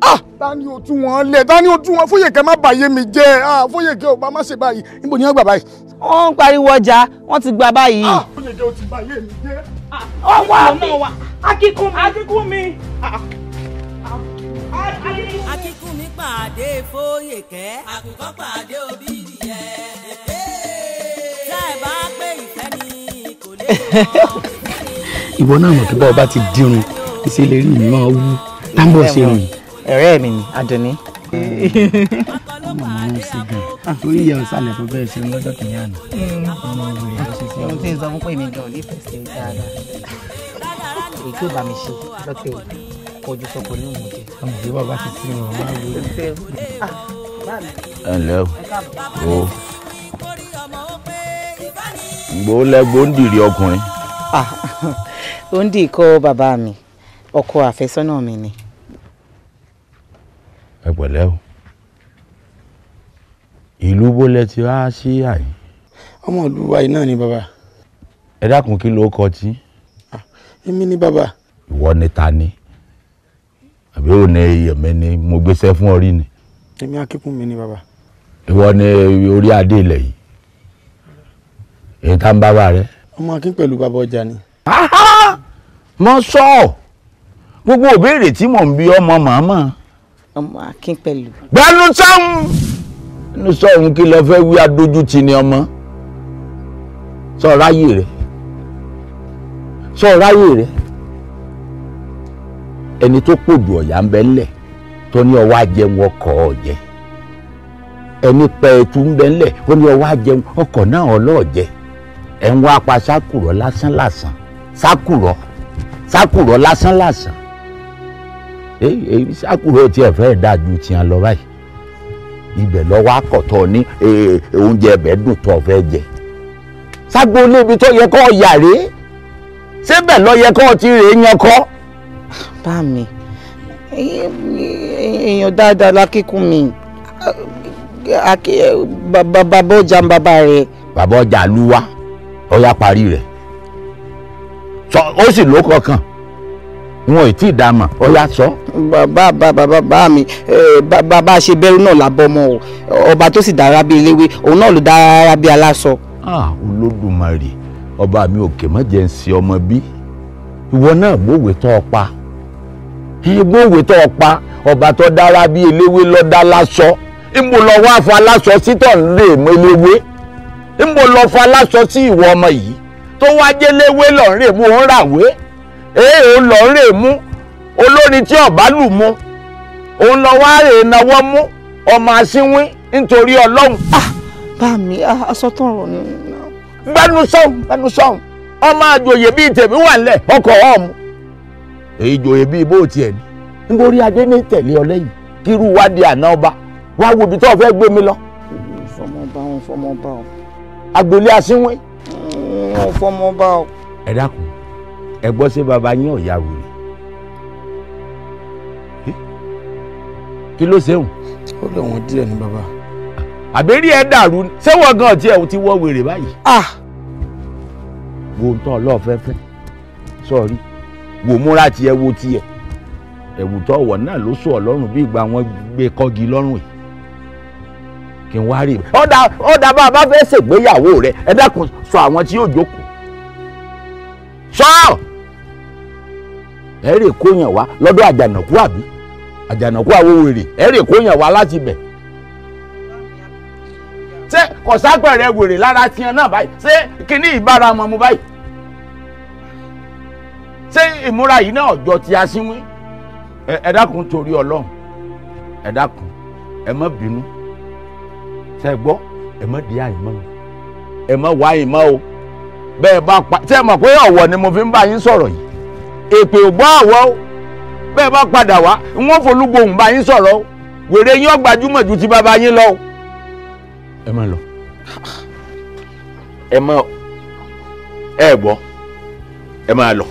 ah ta o tú wọn lẹ ta o tú wọn fóyèkẹ́ má bàyé mi jẹ́ ah fóyèkẹ́ ò bá má ṣe báyìí níbo ni wọ́n gbà báyìí wọ́n ń pariwo ọjà wọ́n ti gba báyìí. Ah, ó lè jẹ́ o ti bá ilé mi jẹ́. Ah, ah, ọwọ́ mi akíkún mi. akíkún mi. akíkún mi pàdé Fóyèkẹ́. àkùkọ pàdé Obídìyẹ. tá ẹ bá pé ìfẹ́ ni kò lè mọ. ìwọ náà mọ̀ tó bá ọba ti dirun ìṣẹ̀lẹ̀ rí mi máa wú tábọ̀ ṣe rìn. ọ̀rẹ́ mi ni Àdùnní. ọmọ mi ń ṣe gan-an torí ìyá òsàlẹ̀ tó bẹ̀rẹ̀ ṣe lọ́jọ́ kìíní àná ọmọ òwe rẹ̀ ṣe sí. ohun tí n sọ fún pé mi gan ní fèsì dáadáa èyí tó bá mi ṣe lọ́tẹ̀ o kọjú sọkọ ní òun jẹ. ọmọ ìwà bá ti sí wọn máa wúlò. ẹ ǹlẹ́ o o gbó lẹ́gbó ń dìrì ọkùnrin. Ah, ó ń dì kọ́ bàbá mi ọkọ àfẹ́sọ́nà mi ni. ẹ pẹ̀lẹ́ o ìlú bólẹ̀ ti wá sí àyè. ọmọ ìlú wa yìí náà ni bàbá. ẹ dákun kí ló kọ tí. Ah, èmi ni bàbá. ìwọ ni ta ni àbí ò ní èèyàn ni mo gbéṣẹ́ fún ọ rí ni. èmi akínkùnmí ni bàbá. ìwọ ni orí adé ilẹ̀ yìí èyí tá ń bá bá rẹ. ọmọ akín pẹ̀lú bàbá ọjà ni. mo sọ gbogbo òbéèrè tí mò ń bi ọmọ màmá. ọmọ akín pẹ̀lú. gbẹnu sáwọn sọ̀hún kí lọ fẹ́ wí adójútì ni ọmọ sọ̀rọ̀ ayé rẹ̀ sọ̀rọ̀ ayé rẹ̀ ẹni tó pòjù ọ̀yà ń bẹ ńlẹ̀ tó ní ọwọ́ ajẹun ọkọ̀ ọ̀jẹ̀ ẹni pẹ̀ẹ́tù ń bẹ ńlẹ̀ ó ní ọwọ́ ajẹun ọkọ̀ náà ọlọ́ọ̀jẹ̀ ẹ̀ ń wá apá sákùrọ̀ lásán lásán sákùrọ̀ sákùrọ̀ lásán lásán sákùrọ̀ tiẹ̀ fẹ́ẹ́ dáa tiẹ̀ lọ báyìí ibẹ̀ lọ́wọ́ àkọ́tọ̀ ní e, e, oúnjẹ ẹ̀bẹ̀ dùn tó ọ̀fẹ́ jẹ ságbolé ibi tó yẹ kó yà rèé síbẹ̀ lọ yẹ kó ti rèé yan kọ́. bá mi èèyàn dáadáa lákìkún mi bàbá ọjà ń bàbá rẹ. bàbá ọjà lúwa ó parí rẹ̀ ó sì ló kankan wọn ò tí ì dá mọ̀ ọ yá sọ. bàbá bàbá bàbá mi bàbá ṣe bẹ̀rù náà lábọ́mọ o ọba tó sì dára bíi eléwé òun náà ló dára bíi aláṣọ. olódùmarè ọba mi òkè mọ́jẹ̀ ń ṣe ọmọ bí ìwọ náà gbówè tó o pa gbówè tó o pa ọba tó dára bíi eléwé lọ́dá láṣọ ìbò lọ wá fa aláṣọ sítọ̀ ń lè mọ eléwé ìbò lọ fa aláṣọ sí ìwọ ọmọ yìí tó wá jẹ́ léwé lọ́rùn rè mú òun ràwé. Ee, ò lọ rè mú olórin tí ọba mu, mú òun wa wá rè ọmọ asínwín nítorí Ah, bá mi aṣọ tó ń rò ní. gbẹnu sọhùn gbẹnu sọhùn ọmọ àjòyè bíi tèmi wà ọkọ ọmọ èyí jòyè bíi bó tiẹ̀ adé àná ọba wo ibi lọ. fọmọ ẹ gbọ́ sí baba yín ọ̀yà wèrè kí ló ṣeun. ó lè wọ́n díẹ̀ ní baba. àbẹ́rí ẹ dàrú sẹ́wọ̀n gan ọ̀tí ẹ̀ ti wọ́ wèrè báyìí. wo tán ọlọ́ọ̀fẹ́fẹ́ sọ̀rí wò múra tiẹ̀ wo tiẹ̀ ẹ̀wù tó wọ̀ náà ló sọ ọlọ́run bí ìgbà wọn gbé kọ́gi lọ́rùn yìí kí n wá rí i. ọ̀dà ọ̀dà bá a bá fẹ́ ṣègbéyàwó rẹ̀ ẹ dákun sọ àwọn tí yóò jókòó sọ. So! ẹ rè kóyàn wá lọ́dọ̀ àjànàkú àbí àjànàkú àwòwèrè ẹ rè kóyàn wá láti bẹ̀. ṣé kọ̀sápẹ̀rẹ̀ wèrè lára tiẹ̀ náà báyìí ṣé kíní ìbára ọmọ mu báyìí ṣé ìmúra yìí náà ọjọ́ ti aṣínwín ẹ dákun torí ọlọ́run ẹ dákun ẹ má bínú ṣe gbọ́ ẹ má di àyìnmọ́ ẹ má wá àyìnmọ́ o bẹ́ẹ̀ bá pa ṣé mọ̀ pé ọ̀wọ̀ ni mo fi ń bá yín sọ̀rọ̀ yìí. èpè ò àwọ àwọ̀ o bá padà wá wọ́n folúgbohùn bá yín sọrọ wèrè yín ju ti bàbá yín lọ ẹ lọ. ẹ ẹ gbọ́ ẹ lọ.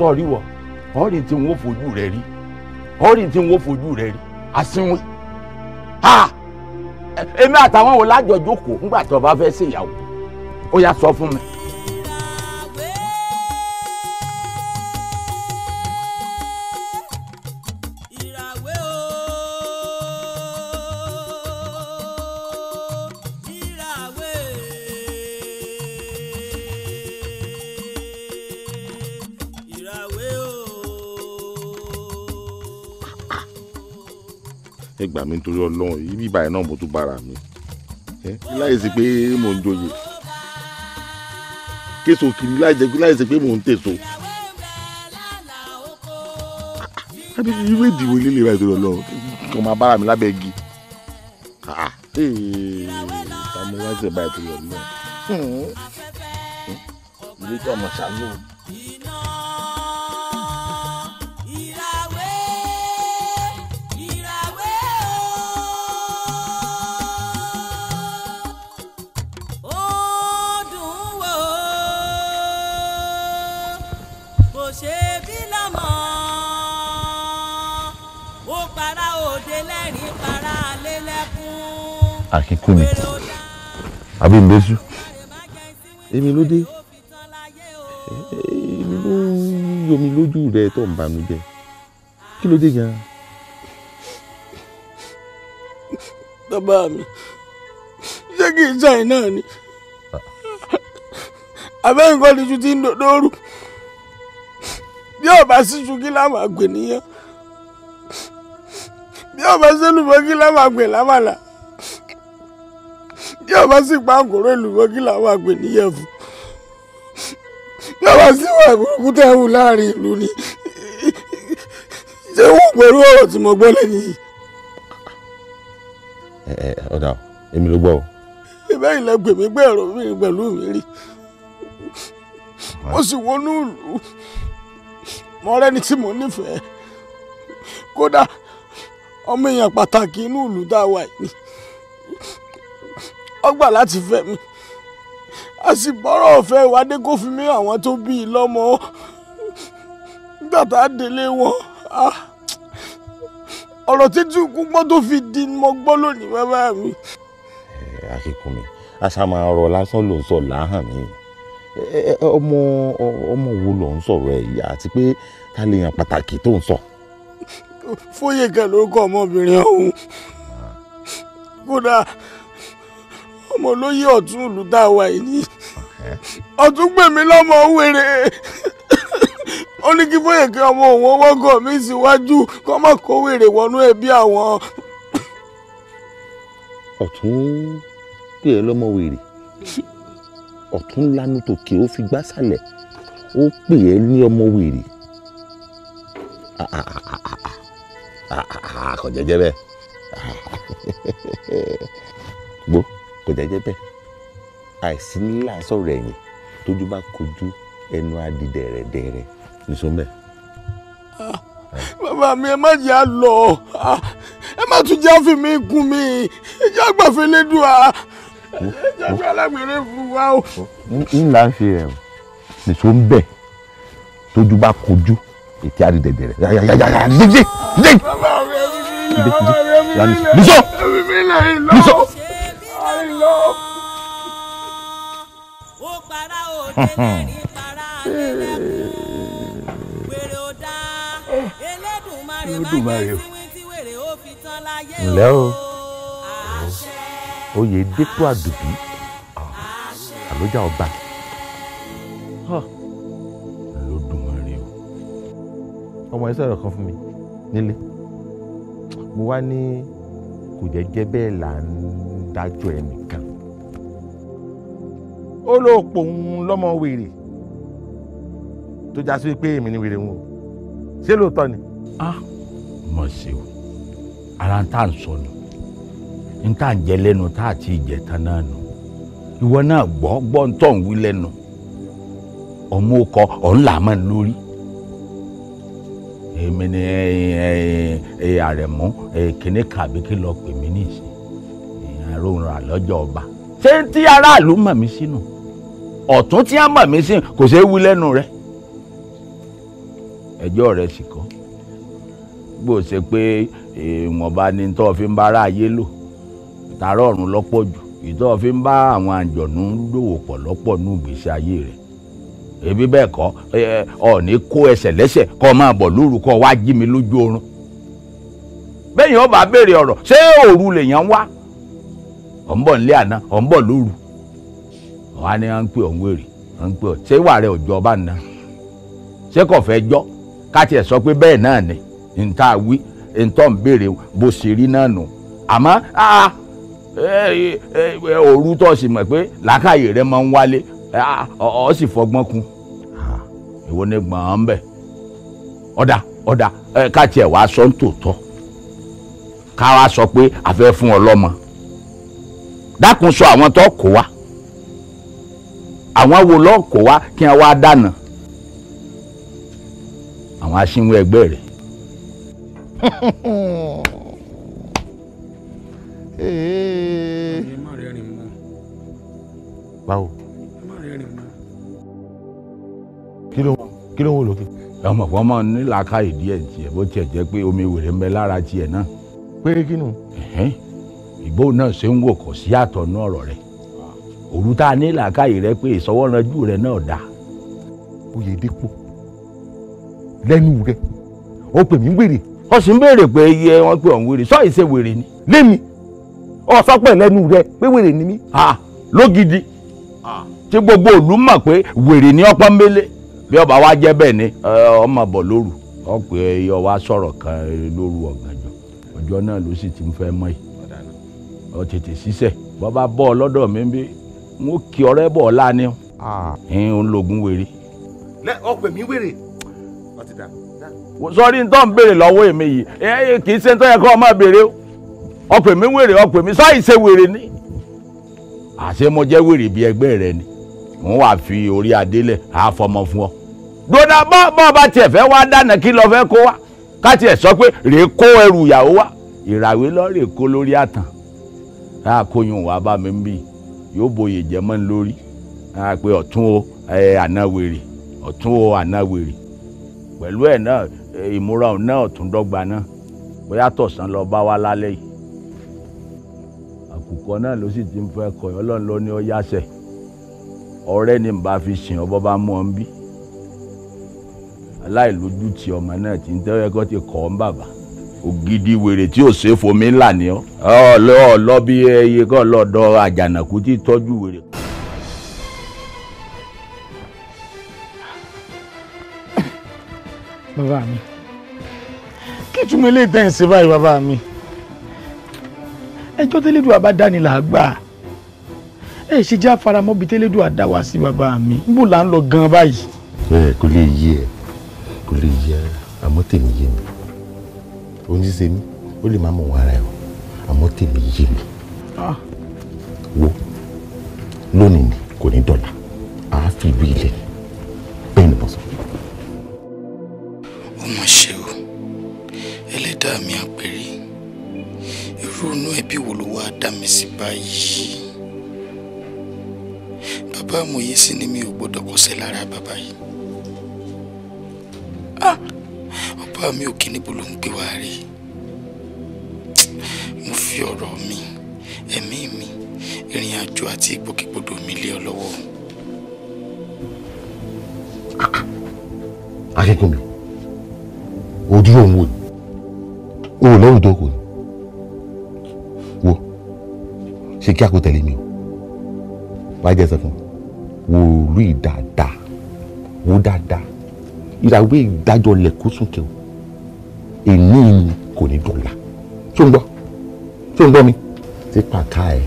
wọ̀ ọ̀rìn tí wọ́n fojú rẹ̀ èmi àtàwọn wo lájọ jókòó ńgbà tó bá fẹ́ ṣèyàwó ó yá sọ fún mi. ẹ gbà mí nítorí ọlọ́run yìí bíbá ẹ̀ náà mo tún bára mi láì sí pé mò ń joyè késo kiri láì jẹ́ pé láì sí pé mò ń tèso àbí ah, ah, irú ìdìbò ilé ìlera ìtòrò ọlọ́run kàn máa bára mi lábẹ́ igi ká mo wá sí ìbá ìtòrò ọlọ́run hmm, hmm, ilé tí a mọ̀ ṣàlùwò. akínkúnmi àbí mbésù èmi ló dé èmi ló yomi lójú rẹ tó ń banú jẹ́ kí ló dé gan-an. bàbá mi ṣé kì í ṣàìn náà ni àbẹ́yìn kan níṣu ti ń dòdòrú bí ọba ṣíṣu kí láwọn àgbẹ̀ nìyẹn bí ọba ṣẹlùbọ kí láwọn àgbẹ̀ láwọn àlà. bí ọba sì pa àgòrò ìlú kí làwọn àgbè níyẹn fún bí sì wà burúkú tẹ́ wù láàrin ìlú ni ṣé wọ́n pẹ̀lú ọ̀rọ̀ tí mo gbọ́ lẹ́yìn yìí. ẹ ẹ ọ̀dà èmi ló gbọ́ o. ìbẹ́ ilẹ̀ gbèmí gbé ẹ̀rọ mi pẹ̀lú mi rí mo sì wọnú ìlú mo rẹ́ni tí mo nífẹ̀ẹ́ kódà pàtàkì inú ìlú wà yìí ó gbà láti fẹ́ mi a sì bọ́rọ̀ ọ̀fẹ́ ìwádé kó fi mí àwọn tó bí i lọ́mọ nígbà tá a délé wọn ọ̀rọ̀ títí gbọ́ tó fi di mọ́ gbọ́ lónìí bàbá mi. akíkún mi aṣá máa rọ lásán ló ń sọ láhàn mi ọmọ ọmọ wo ló ń sọ̀rọ̀ ẹ̀ yìí àti pé ta lè yan pàtàkì tó ń sọ. Foyeke lórúkọ ọmọbìnrin ọ̀hún ah. kódà ọmọ olóyè ọ̀tún ìlú tá a wà yìí ni ọ̀tún pè mí lọ́mọ wèrè ó ní kí Fóyèké ọmọ òun wọ́gọ̀ mi síwájú kọ́ mọ̀ kó wèrè wọnú ẹbí àwọn. ọ̀tún pè é lọ́mọ wèrè ọ̀tún lanu tòkè ó fi gbá sálẹ̀ ó pè é ní ọmọ wèrè kò jẹ́jẹ́ bẹ́ẹ̀ gbó kò jẹ́jẹ́ bẹ́ẹ̀ àìsí nílà sọ̀rọ̀ ẹ̀yìn tójú bá kojú ẹnu adìdẹ̀rẹ̀dẹ̀rẹ̀ nìṣó mẹ́. Ah, bàbá mi ẹ má jẹ́ à lọ ah, ẹ má tún jẹ́ àfi mi gún mi ẹ jẹ́ àgbàfẹ́ lẹ́dùn à ẹ jẹ́ àgbà alágbèrè fún wa o. ńlá ń ṣe ẹ̀ nìṣó ń bẹ̀ tójú bá kojú ètí adìdẹ̀dẹ̀rẹ̀ yàyàyàyà dídí dídí. bàbá mi ẹ bí mi lọ bàbá mi ẹ bí mi lọ bàbá mi ẹ bí mi lọ lọ. ó para òde lẹ́rìn para lẹ́lẹ́kùn wèrè ó dá Elédùmarè má jẹ́ tiwí tí wèrè ó fi tán láyé o. oyè dépò àdùbí àlójà ọba. ọmọ ẹ sọ̀rọ̀ kan fún mi nílé mo wá ní kò jẹ́ jẹ́ bẹ́ẹ̀ là ń dájọ́ ẹnìkan ó ló pò ń lọ́mọ wèrè tó já sí pé èmi ni wèrè wọn o ṣé lóòótọ́ ni. a mọ̀ sí o ara tá à ń sọ nù n tá à ń jẹ lẹ́nu tá à ti jẹ tán náà nù ìwọ náà gbọ́ gbọ́ ń tọ̀ ń wí lẹ́nu ọmọ ọkọ ọ̀hún là lórí èmi ni àrẹ̀mú kìnìkan àbí kí lọ́ọ́ pè mí nìyí ronra lọ́jọ́ ọba ṣé tí aráàlú mọ̀ mí sínú ọ̀tún tí wọ́n mọ̀ mí sínú kò ṣeé wí lẹ́nu rẹ̀ ẹjọ́ rẹ̀ sì kọ́ bó ṣe pé ìwọ̀nba ni tó fi ń bára ayé lò tààrọ̀ ọ̀run lọ́pọ̀ jù ìtọ́ fi ń bá àwọn àjọ̀nú lòwò lọ́pọ̀ ní ìgbésí ayé rẹ̀ ebi bẹ́ẹ̀ kọ́ ọ̀ọ́ni kó ẹsẹ̀ lẹ́sẹ̀ kọ́ máa bọ̀ lóru kọ́ wá jí mi lójú oorun bẹ́ẹ̀ yẹn ọba béèrè ọ̀rọ̀ ṣé òru lèèyàn wá ọ̀ ń bọ̀ nílé àná ọ̀ ń bọ̀ lóru ọ̀hán ni wọ́n ń pè ọ̀hún wèrè wọ́n ń pè ọ̀ ṣé ìwà rẹ̀ ọ̀jọ́ ọba nà ṣé kò fẹ́ jọ́ ká tiẹ̀ sọ pé bẹ́ẹ̀ náà ni nta wí ntọ́ ń béèrè bó ṣe rí náà nù àmọ́ òru tó sì mọ̀ pé làákàyè rẹ̀ máa ń wálé ọ̀ sì fọgbọ́n kun ìwọ ni gbọ̀n bẹ̀ ọ̀dà ọ̀dà ká tiẹ̀ wá sọ ń ká wá sọ pé a fún ọ lọ́mọ dákun sọ àwọn tó kó wa àwọn wo lọ́ọ́ kó wa kí wọ́n wá dáná àwọn aṣínwó ẹgbẹ́ rẹ̀. báwo kí ló kí ló ń wò lókè. ọmọ kan máa ń ní làákàyè díẹ̀ tiẹ̀ bó tiẹ̀ jẹ́ pé omi wèrè ń bẹ lára tiẹ̀ náà. pé kí nù. Igbo náà ṣe ń wò kò sí àtọ̀ nú ọ̀rọ̀ rẹ̀ òru tá a ní làákàyè rẹ pé ìsọwọ́ranjú rẹ náà dá. lẹ́nu rẹ̀ ó pè mí wèrè. ó sì ń béèrè sọ ìṣe wèrè ni. lémi ọ sọ pé lẹ́nu rẹ̀ pé wèrè ni mí. tí gbogbo òlu mọ̀ pé wèrè ni ọpọ́n mélé bí ọba wa jẹ́ bẹ́ẹ̀ ni ọmọ bọ̀ lóru ọ pé ọwá sọ̀rọ̀ kan lóru ọ̀gànjọ́ ọjọ́ náà ló sì ti ń fẹ́ ọ tètè ṣiṣẹ́ bọ́ bá bọ́ ọ lọ́dọ̀ mi bí n ó kí ọ̀rẹ́ bọ̀ ọ́ láàánú ẹ̀hìn òun lògùn wèrè. lẹ ọpẹ mi wèrè ọtí dà. sọrí n tó ń béèrè lọ́wọ́ èmi yìí kì í ṣe tó yẹ kó o béèrè o ọpẹ mi wèrè ọpẹ mi sọ ìṣe wèrè ni àṣé mo jẹ́ wèrè bí ẹgbẹ́ rẹ ni n wà fi orí adé lẹ̀ á fọmọ fún ọ. dòdà bọ́ bọ́ bá tiẹ̀ fẹ́ wá dáná kí lọ fẹ́ kó wá ká tiẹ̀ sọ pé rèé kó ẹrù ìyàwó wá ìràwé lọ́ọ́ rèé kó lórí àtàn a kóyún wàá bá mi ń bì yóò bòye jẹ́ lórí náà pé ọ̀tún o àná wèrè ọ̀tún o àná wèrè pẹ̀lú ẹ̀ náà ìmúra òun náà ọ̀tún dọ́gba náà bóyá tọ̀sán lọ bá wa lálẹ́ yìí àkùkọ náà ló sì ti ń fẹ́ kọ̀ ọ́ lọ́n lọ ní ọ yáṣẹ̀ ọ̀rẹ́ ni bá fi sìn ọ́ bọ́ bá mú ọ ń bí aláìlójútì ọmọ náà ti ń tẹ́wọ́ ẹ̀kọ́ ti kọ̀ ọ́ ń bàbá ògidì wèrè tí ò ṣe é fomi ńlá ni ọ ọ lọ bí ẹyẹ kan lọ́dọ̀ àjànàkú tí tọ́jú wèrè. bàbá mi kí túmọ̀ eléyìí tẹ̀ ń ṣe báyìí bàbá mi ẹjọ́ tẹ́lẹ̀dùn àbá dání là á gbà ẹ ṣe jẹ́ àfaramọ́bi tẹ́lẹ̀dùn àdá wá sí bàbá mi níbo là ń lọ gan báyìí. ẹ kò lè yí ẹ kò lè yí ẹ àmọ́ tèmi yé mi òun ti ṣe mí ó lè má mọ̀ wàrà ẹ̀ o àmọ́ tèmi yé mi ah. wo lónìí ni kò ní dọ̀là àá fi ìlú ilẹ̀ bẹ́ẹ̀ ni mo sọ. ó mà ṣe o ẹlẹ́dàá mi àpèrí irú inú ẹbí wo ló wáá dá mi sí báyìí bàbá àmọ̀yé sí ni mi ò gbọ́dọ̀ kọsẹ̀ lára bàbá yìí. Ah, bá mi òkè níbo ló ń gbé wá rí mo fi ọ̀rọ̀ mi ẹ̀mí mi ìrìn àjò àti ìgbòkègbodò mi lé ọ lọ́wọ́. akínkùnmi o dúró òun wò ni o ò lẹ́rù dọ́kọ̀ ni wo ṣe kí àkó tẹ̀lé mi o wàá jẹ́ sọ fún wo olú ìdáadáa wo dáadáa ìràwé ìdájọ́ lẹ̀kọ́ sùn kẹ́wọ́ èmi ni kò ní dọ̀la tó ń gbọ́ tó ń gbọ́ mi. tí pàtà ẹ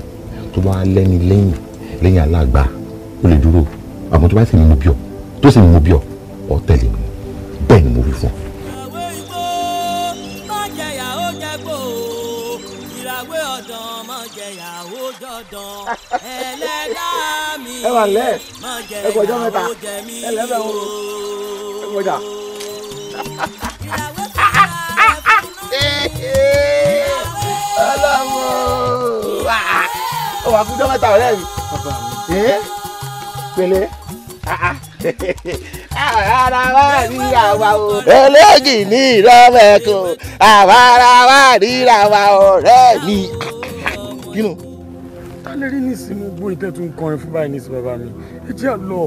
tó bá lẹ́ni lẹ́yìn lẹ́yìn alágbà ó lè dúró àmọ́ tó bá sì mú bí ọ tó sì mú bí ọ ọ tẹ̀lé mi bẹ́ẹ̀ ni mo wí fún ọ. ẹ wà lẹ ẹ kọjá mẹ́ta ẹ lẹbẹ wo ẹ kọjá. ó wà kújọ́ mẹ́ta ọ̀rẹ́ mi. bàbá mi. Eh? pẹ̀lẹ́ àwàrà wà ríra wa o. eléjì ní ìrọ́mẹ̀kọ àwàrà wà ríra wa ọ̀rẹ́ mi. kínú. ta lè rí nísìnyí gbó ìtẹ́tù ń kọrin fún báyìí nísìnyí bàbá mi ẹ lọ.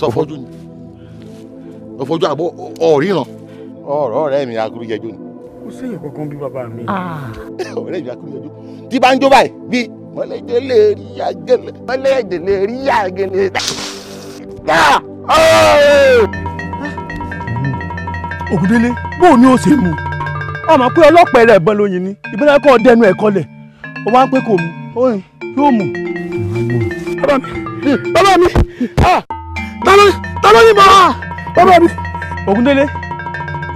sọ fọjú ni sọ fọjú àbọ̀ ọ̀ríran ọ̀rọ̀ ọ̀rẹ́ mi akúrújẹjọ ni. ó sì yàn kankan bí bàbá mi. Ah. ọ̀rẹ́ mi akúrújẹjọ tí bá ń jó báyìí bí mọ́lẹ́jẹ́ lè rí àgẹ̀lẹ̀ mọ́lẹ́jẹ́ lè rí àgẹ̀lẹ̀. ògùdélé bó o ní o ṣe mu àmọ́ pé ọlọ́pàá ẹ̀rẹ̀ ẹ̀bọn lóyin ni ìbílẹ̀ kọ́ dẹnu ẹ̀ kọlẹ̀ ó wá pé kò mu oyin yóò mu. bàbá mi bàbá mi ta ló yìnbọn bàbá mi. ògùndélé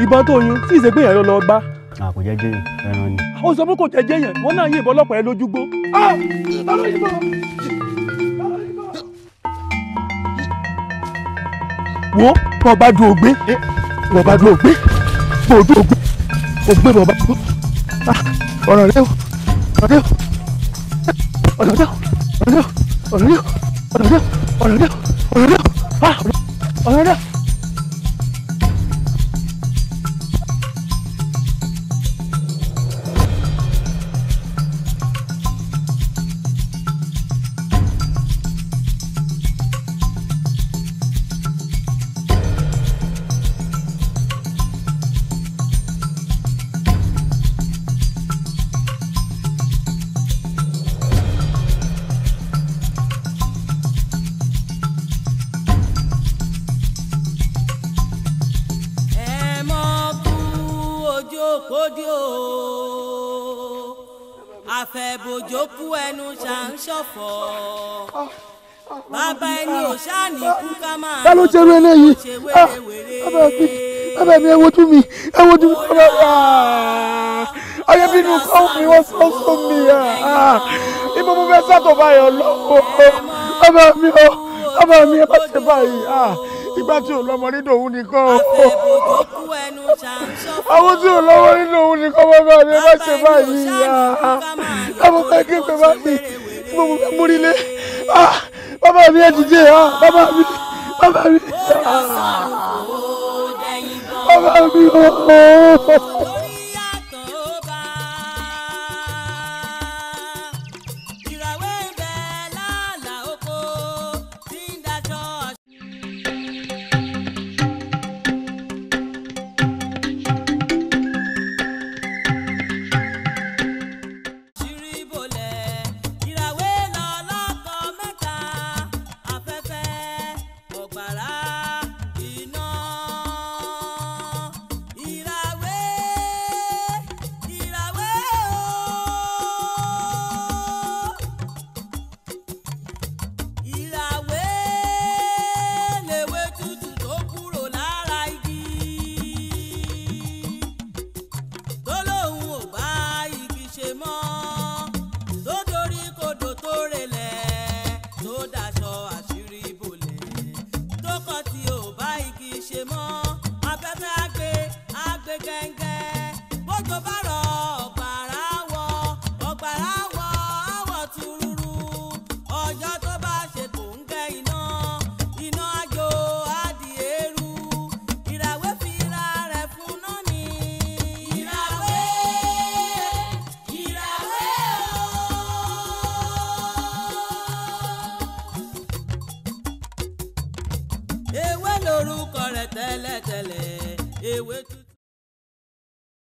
ìbọn tó yún sí ìṣègbè yẹn lọ bá Ah, kò jẹ́ jẹ́yàn ẹran ni. ó sọ pé kò jẹ́ jẹ́yàn wọ́n náà yìnbọn ọlọ́pàá ẹ lójú gbó. Ah! wo bọ́ bá dùn ògbé bọ́ bá dùn ògbé bọ́ dùn ògbé ògbé bọ́ bá dùn ah, ọ̀rọ̀ rẹ o ọ̀rọ̀ rẹ o ọ̀nà dẹ́ ọ̀nà dẹ́ ọ̀nà dẹ́ ọ̀nà dẹ́ ọ̀nà dẹ́ ọ̀nà dẹ́ ọ̀nà dẹ́. kódì o àfẹ̀bòjò kú ẹnu ṣàǹṣọ̀fọ̀ bàbá ẹni ò ṣáàní kú ká máa lọ sí ṣe wéréwéré. Ah, bàbá mi ẹ wojú mi ẹ wojú mi kọ́ bàbá ah, ayé bínú kọ́ mi wọ́n sọ fún mi ìmọ̀ ah, mo fẹ́ sàtọ̀ báyọ̀ lọ́wọ́ bàbá mi ọ bàbá mi ẹ bá ṣe báyìí ìgbà tí ò lọ́mọ nínú òun nìkan o. àwọn tí ò lọ́mọ nínú òun nìkan wọ́n mi má ṣe báyìí yá. láwọn bá gé pé báyìí tí mo fẹ́ ah, múrí lé. Ah, bàbá mi ẹ dìde ah, bàbá mi bàbá mi bàbá mi ooo. Oh.